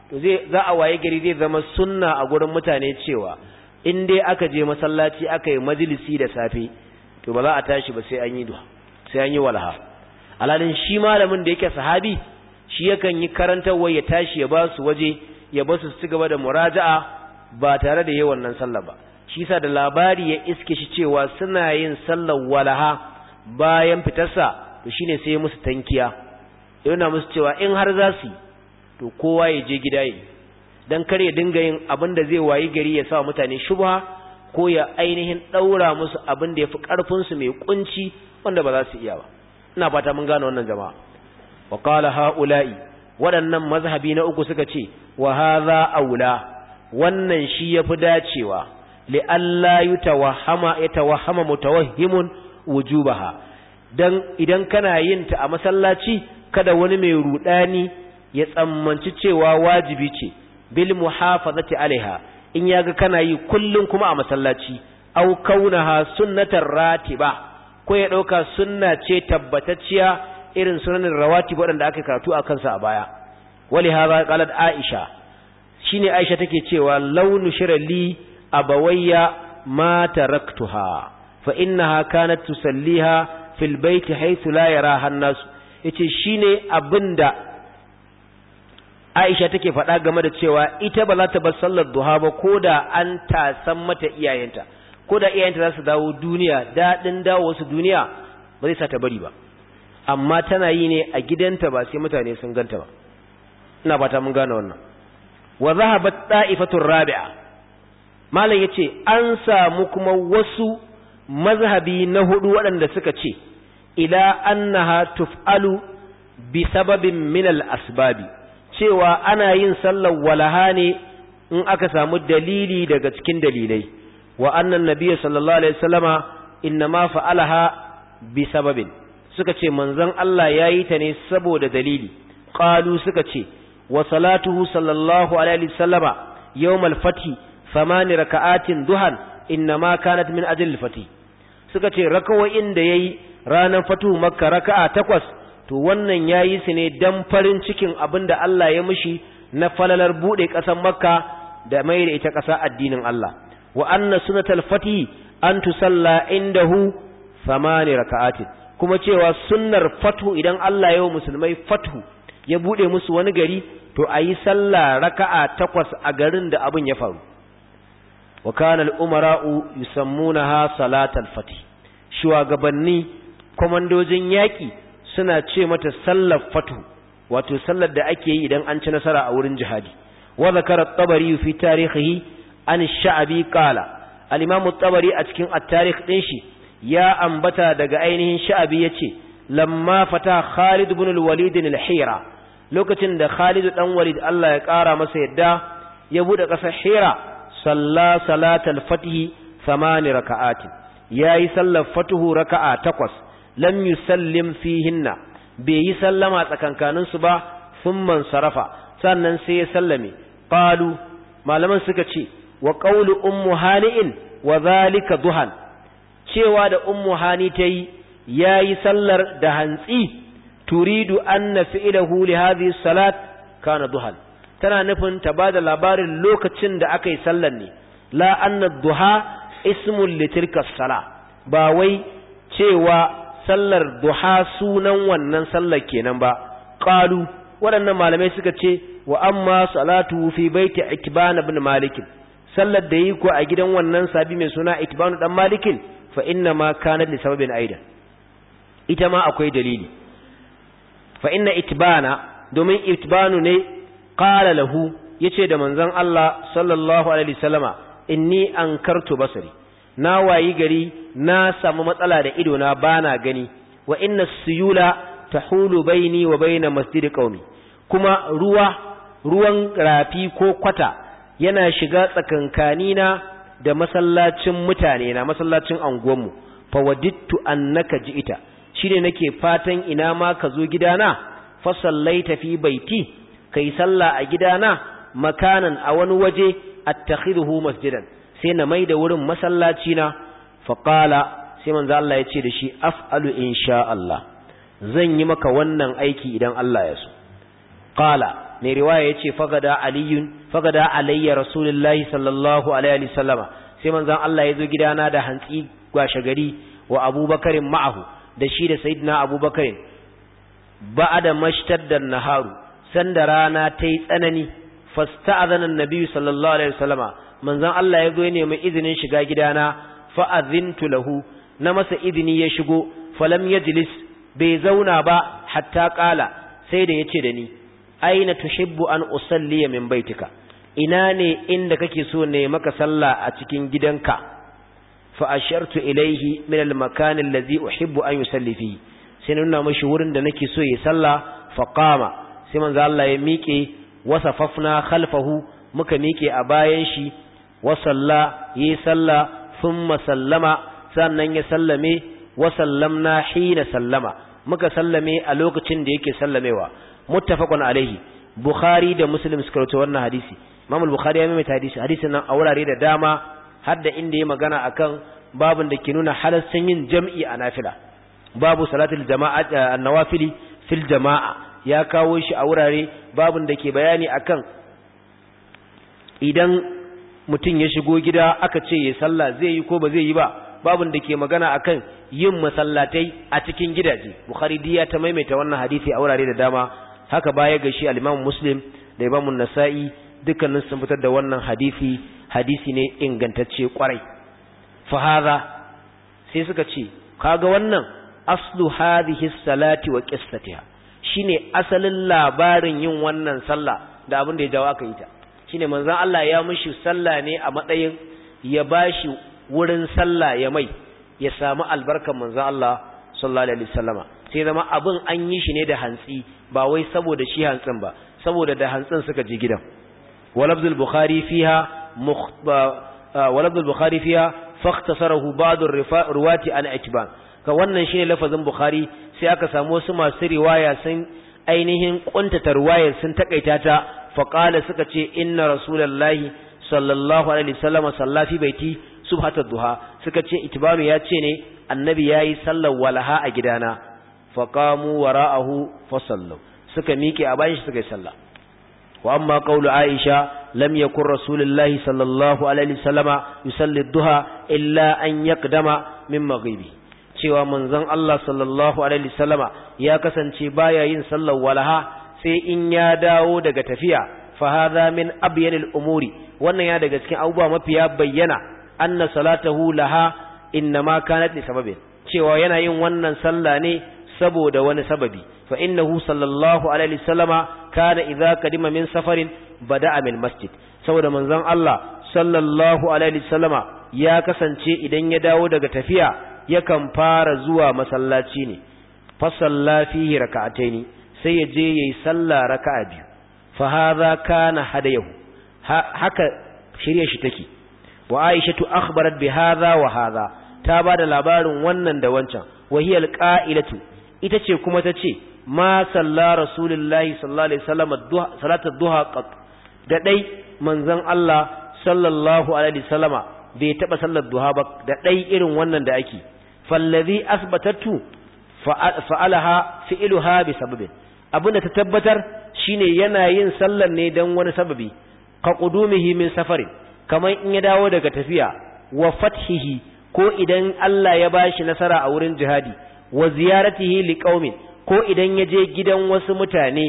A: to zai za a waye gari zai zama sunna a gurin mutane cewa in dai aka je masallaci aka yi majalisi da safe to ba za a tashi ba sai an yi du'a sai an yi walha alalin shi malamin da yake sahabi shi yakan yi karantawa ya tashi ya ba su waje ya ba su su gaba da muraja'a ba tare da yi wannan sallah ba shi sa da labari ya iske shi cewa suna yin sallar walha bayan fitarsa to shine sai musu tankiya yana musu cewa in har za su to kowa ya je gida yi don kar ya dinga yin abin da zai wayi gari ya sa mutane shubha ko ya ainihin ɗaura musu abin da ya fi ƙarfinsu mai ƙunci wanda ba za su iya ba ina fata mun gane wannan jama'a wa qala haula'i waɗannan mazhabi na uku suka ce wa hadha aula wannan shi yafi dacewa li alla yutawahhama yatawahhama mutawahhimun wujubaha dan idan kana yin ta a masallaci kada wani mai rudani ya tsammanci cewa wajibi ce bil muhafazati alaiha in yaga kana yi kullun kuma a masallaci aw kaunaha sunnatar ratiba ko ya dauka sunna ce tabbatacciya irin sunanin rawatib waɗanda aka karatu a kansa a baya wali hadha qalat aisha shine aisha take cewa launu shirali abawayya ma taraktuha fa innaha kanat tusalliha fil baiti haythu la yaraha an-nas yace shine abinda Aisha take faɗa game da cewa ita ba za ta bar sallar duha ba ko da an tasan mata iyayenta ko da iyayenta za su dawo duniya daɗin dawo su duniya ba zai sa ta bari ba amma tana yi ne a gidanta ba sai mutane sun ganta ba ina ba ta mun gane wannan wa zahabat ta'ifatur rabi'a malam yace an samu kuma wasu mazhabi na hudu waɗanda suka ce ila annaha tuf'alu bi sababin min al asbabi cewa ana yin sallar walaha ne in aka samu dalili daga cikin dalilai wa annan nabiyyu sallallahu alaihi wasallama innama fa'alaha bi sababin suka ce manzon Allah yayi ta ne saboda dalili qalu suka ce wa salatuhu sallallahu alaihi wasallama yawmal fati thamani raka'atin duhan innama kanat min ajli fati suka ce rakawoyin da yayi ranar fatu makka raka'a takwas to wannan ya yi su ne don farin cikin abin da Allah ya mushi na falalar buɗe ƙasar makka da mai da ita ƙasa addinin Allah wa anna sunnatal fati an tusalla indahu samani raka'atin kuma cewa sunnar fatu idan Allah ya musulmai fatu ya buɗe musu wani gari to a yi sallah raka'a takwas a garin da abin ya faru wa kana al-umara'u yusammunaha salatal fati shugabanni komandojin yaƙi suna ce mata sallar fatu wato sallar da ake yi idan an ci nasara a wurin jihadi wa zakara tabari fi tarihi an sha'abi qala al-imam tabari a cikin at-tarikh din shi ya ambata daga ainihin sha'abi yace lamma fata Khalid ibn al-Walid al-Hira lokacin da Khalid dan Walid Allah ya kara masa yadda ya bude kasar Hira salla salatal fatihi 8 raka'ati yayi sallar fatuhu raka'a takwas lam yusallim fihinna bai yi sallama tsakankaninsu su ba thumma sarafa sannan sai ya sallame Falu malaman suka ce wa qawlu ummu hani'in wa zalika duhan cewa da ummu hani tayi yayi sallar da hantsi turidu anna fi'lahu huli hadhihi salat kana duhan tana nufin ta ba da labarin lokacin da aka yi sallar ne la na duha ismun litirka sala ba wai cewa sallar duha sunan wannan sallar kenan ba qalu waɗannan malamai suka ce wa amma salatu fi baiti ikban ibn malik sallar da yi ko a gidan wannan sabi mai suna ikban dan malik fa inna ma kana li sababin aidan ita ma akwai dalili fa inna itbana domin itbanu ne qala lahu yace da manzon Allah sallallahu alaihi wasallama inni ankartu basari na wayi gari na samu matsala da ido na bana gani wa inna suyula tahulu baini wa baina masjidi qaumi kuma ruwa ruwan rafi ko kwata yana shiga tsakankani na da masallacin mutane na masallacin anguwanmu fa wadittu annaka ji'ita shine nake fatan ina ma ka zo gidana fa sallaita fi baiti kai sallah a gidana makanan a wani waje attakhiduhu masjidan sai na mai da wurin masallaci na faƙala sai manzo Allah ya ce da shi af'alu insha Allah zan yi maka wannan aiki idan Allah ya so qala mai riwaya yace fagada aliyun fagada alayya rasulullahi sallallahu alaihi wasallama sai manzo Allah ya zo gidana da hantsi gwashe gari wa abubakarin ma'ahu da shi da sayyidina abubakarin ba'ada mashtaddan naharu sanda rana ta yi tsanani fasta'adhana an Nabiyu sallallahu alaihi wasallama manzon Allah ya zo ya nemi izinin shiga gidana fa'adhintu lahu na masa idini ya shigo falam yajlis bai zauna ba hatta ƙala sai da yace da ni aina tuhibbu an usalli min baitika ina ne inda kake so ne maka sallah a cikin gidanka fa ashartu ilaihi min al-makan alladhi uhibbu an yusalli fi sai nuna mashi wurin da nake so ya sallah fa qama sai manzo Allah ya miƙe wasafafna khalfahu muka miƙe a bayan shi wa salla yi salla thumma sallama sannan ya sallame wa sallamna hina sallama muka sallame a lokacin da yake sallamewa muttafaqun alaihi bukhari da muslim suka rawaito wannan hadisi imam bukhari ya maimaita hadisi hadisin nan a wurare da dama har da inda ya magana akan babin da ke nuna halascin yin jam'i a nafila babu salatul jama'a an-nawafili eh, fil jama'a ya kawo shi a wurare babin da ke bayani akan idan mutum ya shigo gida aka ce ya sallah zai yi ko ba zai yi ba babun da ke magana akan yin masallatai a cikin gidaje bukhari diya ta maimaita wannan hadisi a wurare da dama haka baya ga shi al-imam muslim da imam nasa'i dukkanin sun fitar da wannan hadisi hadisi ne ingantacce kwarai fa sai suka ce kaga wannan aslu hadhihi salati wa qissatiha shine asalin labarin yin wannan sallah da abin da ya jawo aka yi ta shine manzon Allah ya mishi sallah ne a matsayin ya bashi wurin sallah ya mai ya samu albarkar manzon Allah sallallahu alaihi wasallama sai zama abin an yi shi ne da hantsi ba wai saboda shi hantsin ba saboda da hantsin suka ji gidan walabdul bukhari fiha walabdul bukhari fiha fahtasarahu ba'd ruwati an itban ka wannan shine lafazin bukhari sai aka samu wasu masu riwaya sun ainihin kuntata riwayar sun takaita ta Faƙale suka ce inna rasulallahi sallallahu alaihi sallama sallafi baiti subhatar duha suka ce itibaru ya ce ne annabi ya yi sallar walaha a gidana faƙamu wara'ahu fasallu suka miƙe a bayan shi suka yi sallah wa amma qawlu aisha lam yakun rasulullahi sallallahu alaihi sallama yusalli duha illa an yaqdama min maghribi cewa manzon Allah sallallahu alaihi sallama ya kasance baya yin sallar walaha sai in ya dawo daga tafiya fa min abyanil umuri wannan ya daga cikin abubuwa mafiya bayyana anna salatahu laha innama kanat li sababin cewa yana yin wannan sallah ne saboda wani sababi fa innahu sallallahu alaihi wasallama kana idza kadima min safarin bada'a min masjid saboda manzon Allah sallallahu alaihi wasallama ya kasance idan ya dawo daga tafiya yakan fara zuwa masallaci ne fa sallafihi raka'ataini sai ya je ya yi sallah raka'a biyu fa hadha kana hadayahu haka shirya shi take wa aishatu akhbarat bi hadha wa hadha ta bada labarin wannan da wancan wa hiya alqa'ilatu ita ce kuma ta ce ma salla rasulullahi sallallahu alaihi wasallam salatu duha qat da dai manzon Allah sallallahu alaihi wasallama bai taba sallar duha ba da dai irin wannan da ake fallazi asbatatu fa'alaha fi'luha bi sababin abinda ta tabbatar shine yana yin sallar ne dan wani sababi ka qudumihi min safarin kamar in ya dawo daga tafiya wa fathihi ko idan Allah ya bashi nasara a wurin jihadi wa ziyaratihi liqaumin ko idan ya je gidan wasu mutane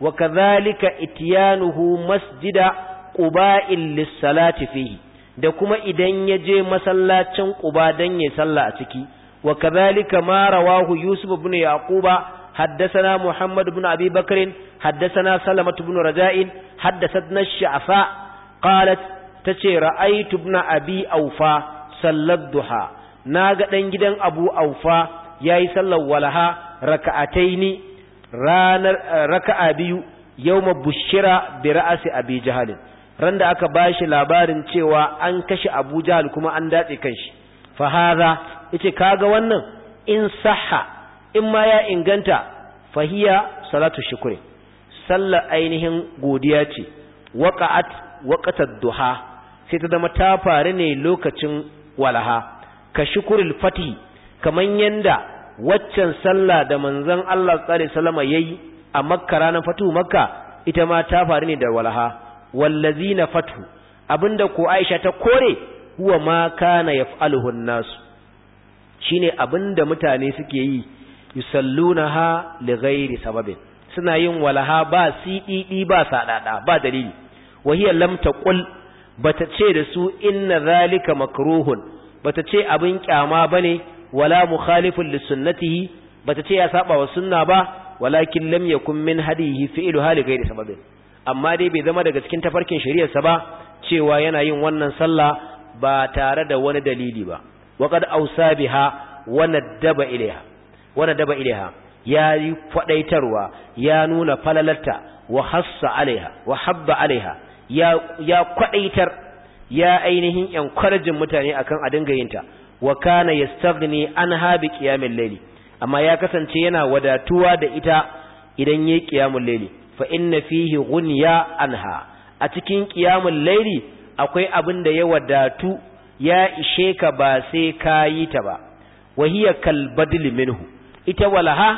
A: wa kadhalika ityanuhu masjida quba'il lis-salati fihi da kuma idan ya je masallacin quba dan ya salla a ciki wa kadhalika ma rawahu yusuf ibn yaquba حدثنا محمد بن أبي بكر حدثنا سلمة بن رجاء حدثتنا الشعفاء قالت تشي رأيت ابن أبي أوفا صلى الضحى ناغا دنجدن أبو أوفا ياي صلى ولها ركعتين ركع أبي يوم بشرى برأس أبي جهل randa aka bashi labarin cewa an kashe Abu Jahl kuma an datse kanshi fa hadha yace kaga wannan in sahha in ma ya inganta fahiya salatu shukri sallar ainihin godiya ce waqa'at waqatar duha sai ta zama ta faru ne lokacin walaha ka shukuril fati kaman yanda waccan sallah da manzon Allah sallallahu alaihi wasallam yayi a makka ranar fatu makka ita ma ta faru ne da walaha wallazina fatu abinda ko Aisha ta kore huwa ma kana yaf'aluhu nasu. nas shine abinda mutane suke yi yusallunaha li ghairi sababin suna yin walaha ba sididi e e, ba sadada ba dalili wa hiya lam taqul bata ce da su inna zalika makruhun bata ce abin kyama bane wala mukhalifun li sunnatihi bata ce ya saba wa sunna ba walakin lam yakun min hadihi fi'lu hali ghairi sababin amma dai bai zama daga cikin tafarkin shari'ar sa ba cewa yana yin wannan sallah ba tare da wani dalili ba wakar qad awsa biha wa ilaiha Wani daba ilaiha ya yi ya nuna falalarta wa hassa alaiha wa habba alaiha ya ya ya ainihin yan kwarajin mutane akan a dinga yinta wa kana yastaghni anha bi qiyamil layli amma ya kasance yana wadatuwa da ita idan yayi qiyamul layli fa inna fihi an anha a cikin ƙiyamin layli akwai abin da ya wadatu ya ishe ka ba sai kayi ta ba wahiya kal badli minhu ita walaha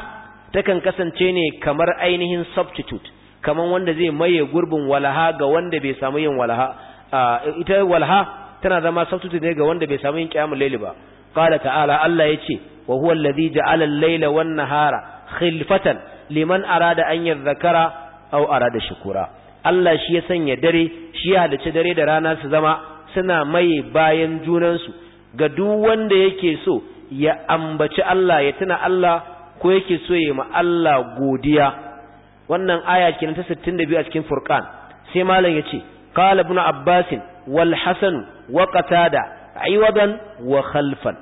A: takan kasance ne kamar ainihin substitute kamar wanda zai maye gurbin walaha ga wanda bai samu yin walaha ita walaha tana zama substitute ne ga wanda bai samu yin kiyamul laili ba qala ta'ala Allah yace wa huwa alladhi ja'ala al laila wan-nahara khilfatan liman arada an yadhakkara aw arada shukura Allah shi ya sanya dare shi ya halice dare da rana su zama suna maye bayan junansu ga duk wanda yake so ya ambaci Allah ya tuna Allah ko yake so ya ma Allah godiya wannan aya kenan ta 62 a cikin Furqan sai malam yace qala ibn Abbas wal Hasan wa Qatada aywadan wa khalfan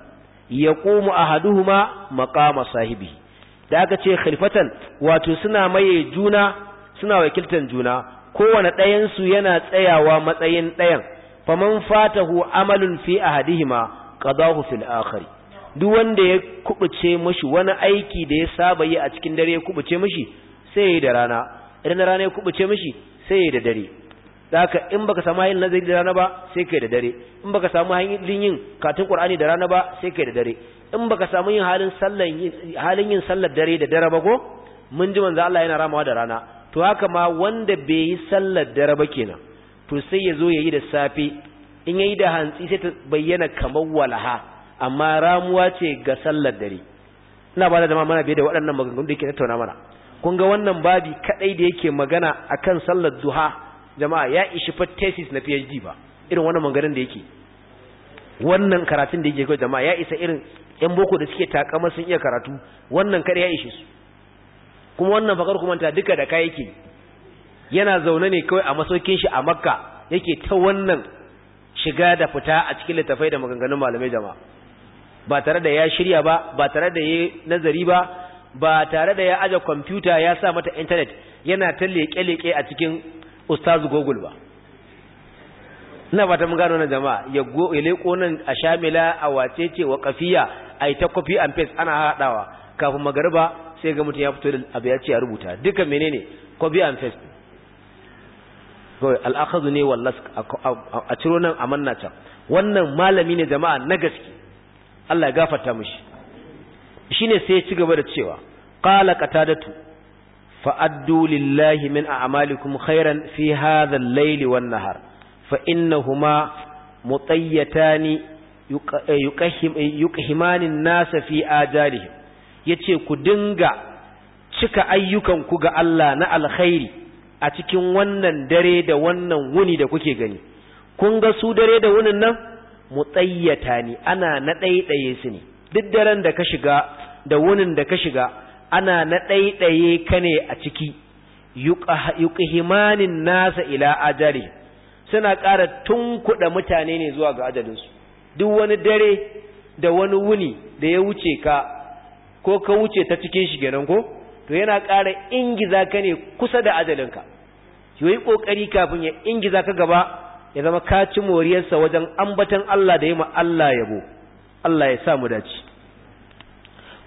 A: yaqumu ahaduhuma maqama sahibi da aka ce khalfatan wato suna maye juna suna wakiltan juna kowane ɗayan su yana tsayawa matsayin ɗayan faman fatahu amalun fi ahadihima qadahu fil akhari duk wanda ya kubuce mashi wani aiki da ya saba yi a cikin dare ya kubuce mashi sai ya yi da rana idan rana ya kubuce mashi sai ya yi da dare haka in baka samu hayin nazari da rana ba sai kai da dare in baka samu hanyar yin katin qur'ani da rana ba sai kai da dare in baka samu yin halin sallan halin yin sallar dare da dare ba ko mun ji manzo Allah yana ramawa da rana to haka ma wanda bai yi sallar dare ba kenan to sai ya zo ya yi da safe in yayi da hantsi sai ta bayyana kamar walaha amma ramuwa ce ga sallar dare ina ba da dama mana biye da waɗannan maganganu da yake tattauna mana kun ga wannan babi kadai da yake magana akan sallar duha jama'a ya ishi fa thesis na PhD ba irin wannan maganganun da yake wannan karatun da yake ga jama'a ya isa irin ɗan boko da suke takama sun iya karatu wannan kada ya ishe su kuma wannan fakar kuma ta duka da kai yake yana zaune ne kawai a masaukin shi a Makka yake ta wannan shiga da fita a cikin littafai da maganganun malamai jama'a ba tare da ya shirya ba ba tare da ya nazari ba ba tare da ya aje kwamfuta ya sa mata intanet yana ta leke leƙe a cikin ustazu google ba ina fata mun gano na jama'a ya leko nan a shamila a wacece wa kafiya a yi ta copy and paste ana haɗawa kafin magariba sai ga mutum ya fito da abu ya ce ya rubuta duka menene copy and paste kawai al'akazu ne wallas a ciro nan a manna can wannan malami ne jama'a na gaske Allah ya gafarta mishi shine sai ya ci gaba da cewa qala qatadatu addu lillahi min a'malikum khairan fi hadha al-layl wan nahar fa innahuma mutayyatani eh, eh, yuqhimani an-nasa fi ajalihim yace ku dinga cika ayyukan ku ga Allah na alkhairi a cikin wannan dare da wannan wuni da kuke gani kun ga su dare da wunin nan mutsayyata ne ana na ɗaiɗaye su ne duk daren da ka shiga da wunin da ka shiga ana na ɗaiɗaye ka ne a ciki yuƙihimanin nasa ila ajali suna ƙara tunkuɗa mutane ne zuwa ga ajalinsu duk wani dare da wani wuni da ya wuce ka ko ka wuce ta cikin shi kenan ko to yana ƙara ingiza ka ne kusa da ajalinka yi ƙoƙari kafin ya ingiza ka gaba ya zama ka moriyarsa wajen ambatan Allah da yi ma Allah yabo Allah ya sa mu dace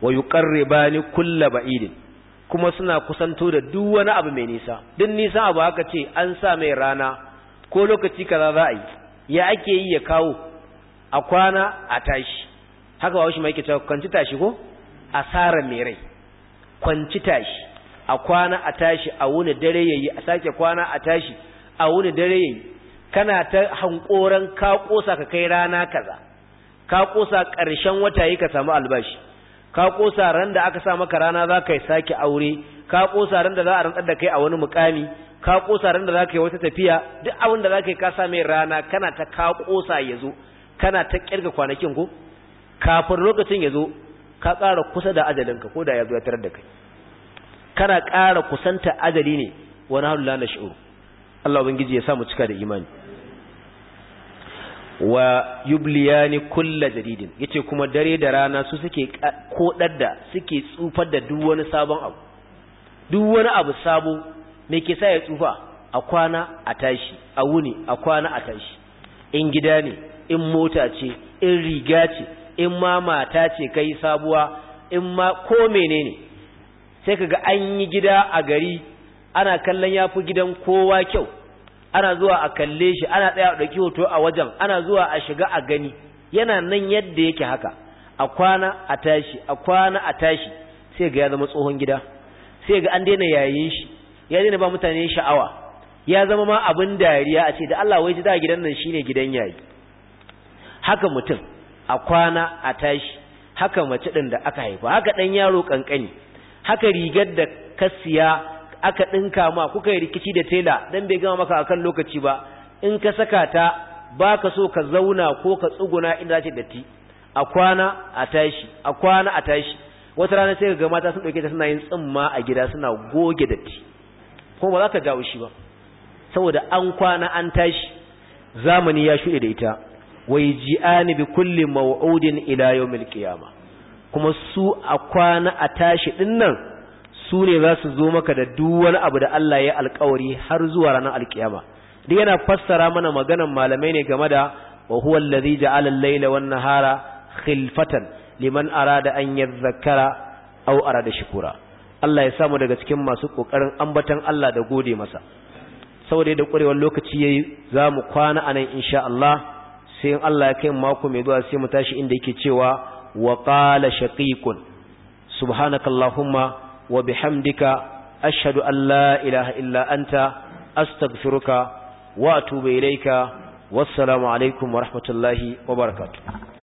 A: wa yuqarribani kulla ba'idin kuma suna kusanto da duk wani abu mai nisa duk nisa abu haka ce an sa mai rana ko lokaci kaza za a yi ya ake yi ya kawo a kwana a tashi haka ba shi ma cewa kwanci tashi ko asara mai rai kwanci tashi a kwana a tashi a wuni dare yayi a sake kwana a tashi a wuni dare yayi kana ta hankoran ka kosa ka kai rana kaza ka kosa ƙarshen wata yi ka samu albashi ka kosa ran da aka sa maka rana za ka yi sake aure ka kosa ran da za a rantsar da kai a wani mukami ka kosa ran da za ka yi wata tafiya duk abin da za ka yi ka sa mai rana kana ta ka kosa ya zo kana ta kirga kwanakin ko kafin lokacin ya zo ka ƙara kusa da ka ko da ya zo ya tarar da kai kana ƙara kusanta ajali ne wani hannu la na shi'uru Allah ubangiji ya samu cika da imani wa ni kulla jadidin yace kuma dare da rana su suke kodar da suke tsufar da duk wani sabon abu duk wani abu sabo me ke sa ya tsufa a kwana a tashi a wuni a kwana a tashi in gida ne in mota ce in riga ce in ma mata ce kai sabuwa in ma ko menene sai kaga an yi gida a gari ana kallon ya fi gidan kowa kyau ana zuwa a kalle shi ana tsaya a ɗauki hoto a wajen ana zuwa a shiga a gani yana nan yadda yake haka a kwana a tashi a kwana a tashi sai ga ya zama tsohon gida sai ga an daina yayin shi ya daina ba mutane sha'awa ya zama ma abin dariya a ce da Allah wai da gidan nan shine gidan yayi haka mutum a kwana a tashi haka mace din da aka haifa haka dan yaro kankani haka rigar da ka siya aka ɗinka ma kuka yi rikici da tela don bai gama maka akan lokaci ba in ka saka ta ka so ka zauna ko ka tsuguna inda za ce datti a kwana a tashi a kwana a tashi wata rana sai ka ga mata sun ɗauke ta suna yin tsimma a gida suna goge datti ko ba za ka gawo shi ba saboda an kwana an tashi zamani ya shuɗe da ita wai ji bi kulli maw'udin ila yawmil qiyama kuma su a kwana a tashi nan. su ne za su zo maka da duwan wani abu da Allah ya alkawari har zuwa ranar alkiyama duk yana fassara mana maganan malamai ne game da wa huwa allazi ja'ala al-laila wan nahara khilfatan liman arada an yadhakkara aw arada shukura Allah ya samu daga cikin masu kokarin ambatan Allah da gode masa saboda da kurewar lokaci yayi zamu kwana anan insha Allah sai in Allah ya kai mako mai zuwa sai mu tashi inda yake cewa wa qala shaqiqun subhanakallahumma wa bihamdika ashhadu an la ilaha illa anta astaghfiruka wa atubu ilayka wassalamu alaikum wa rahmatullahi wa barakatuh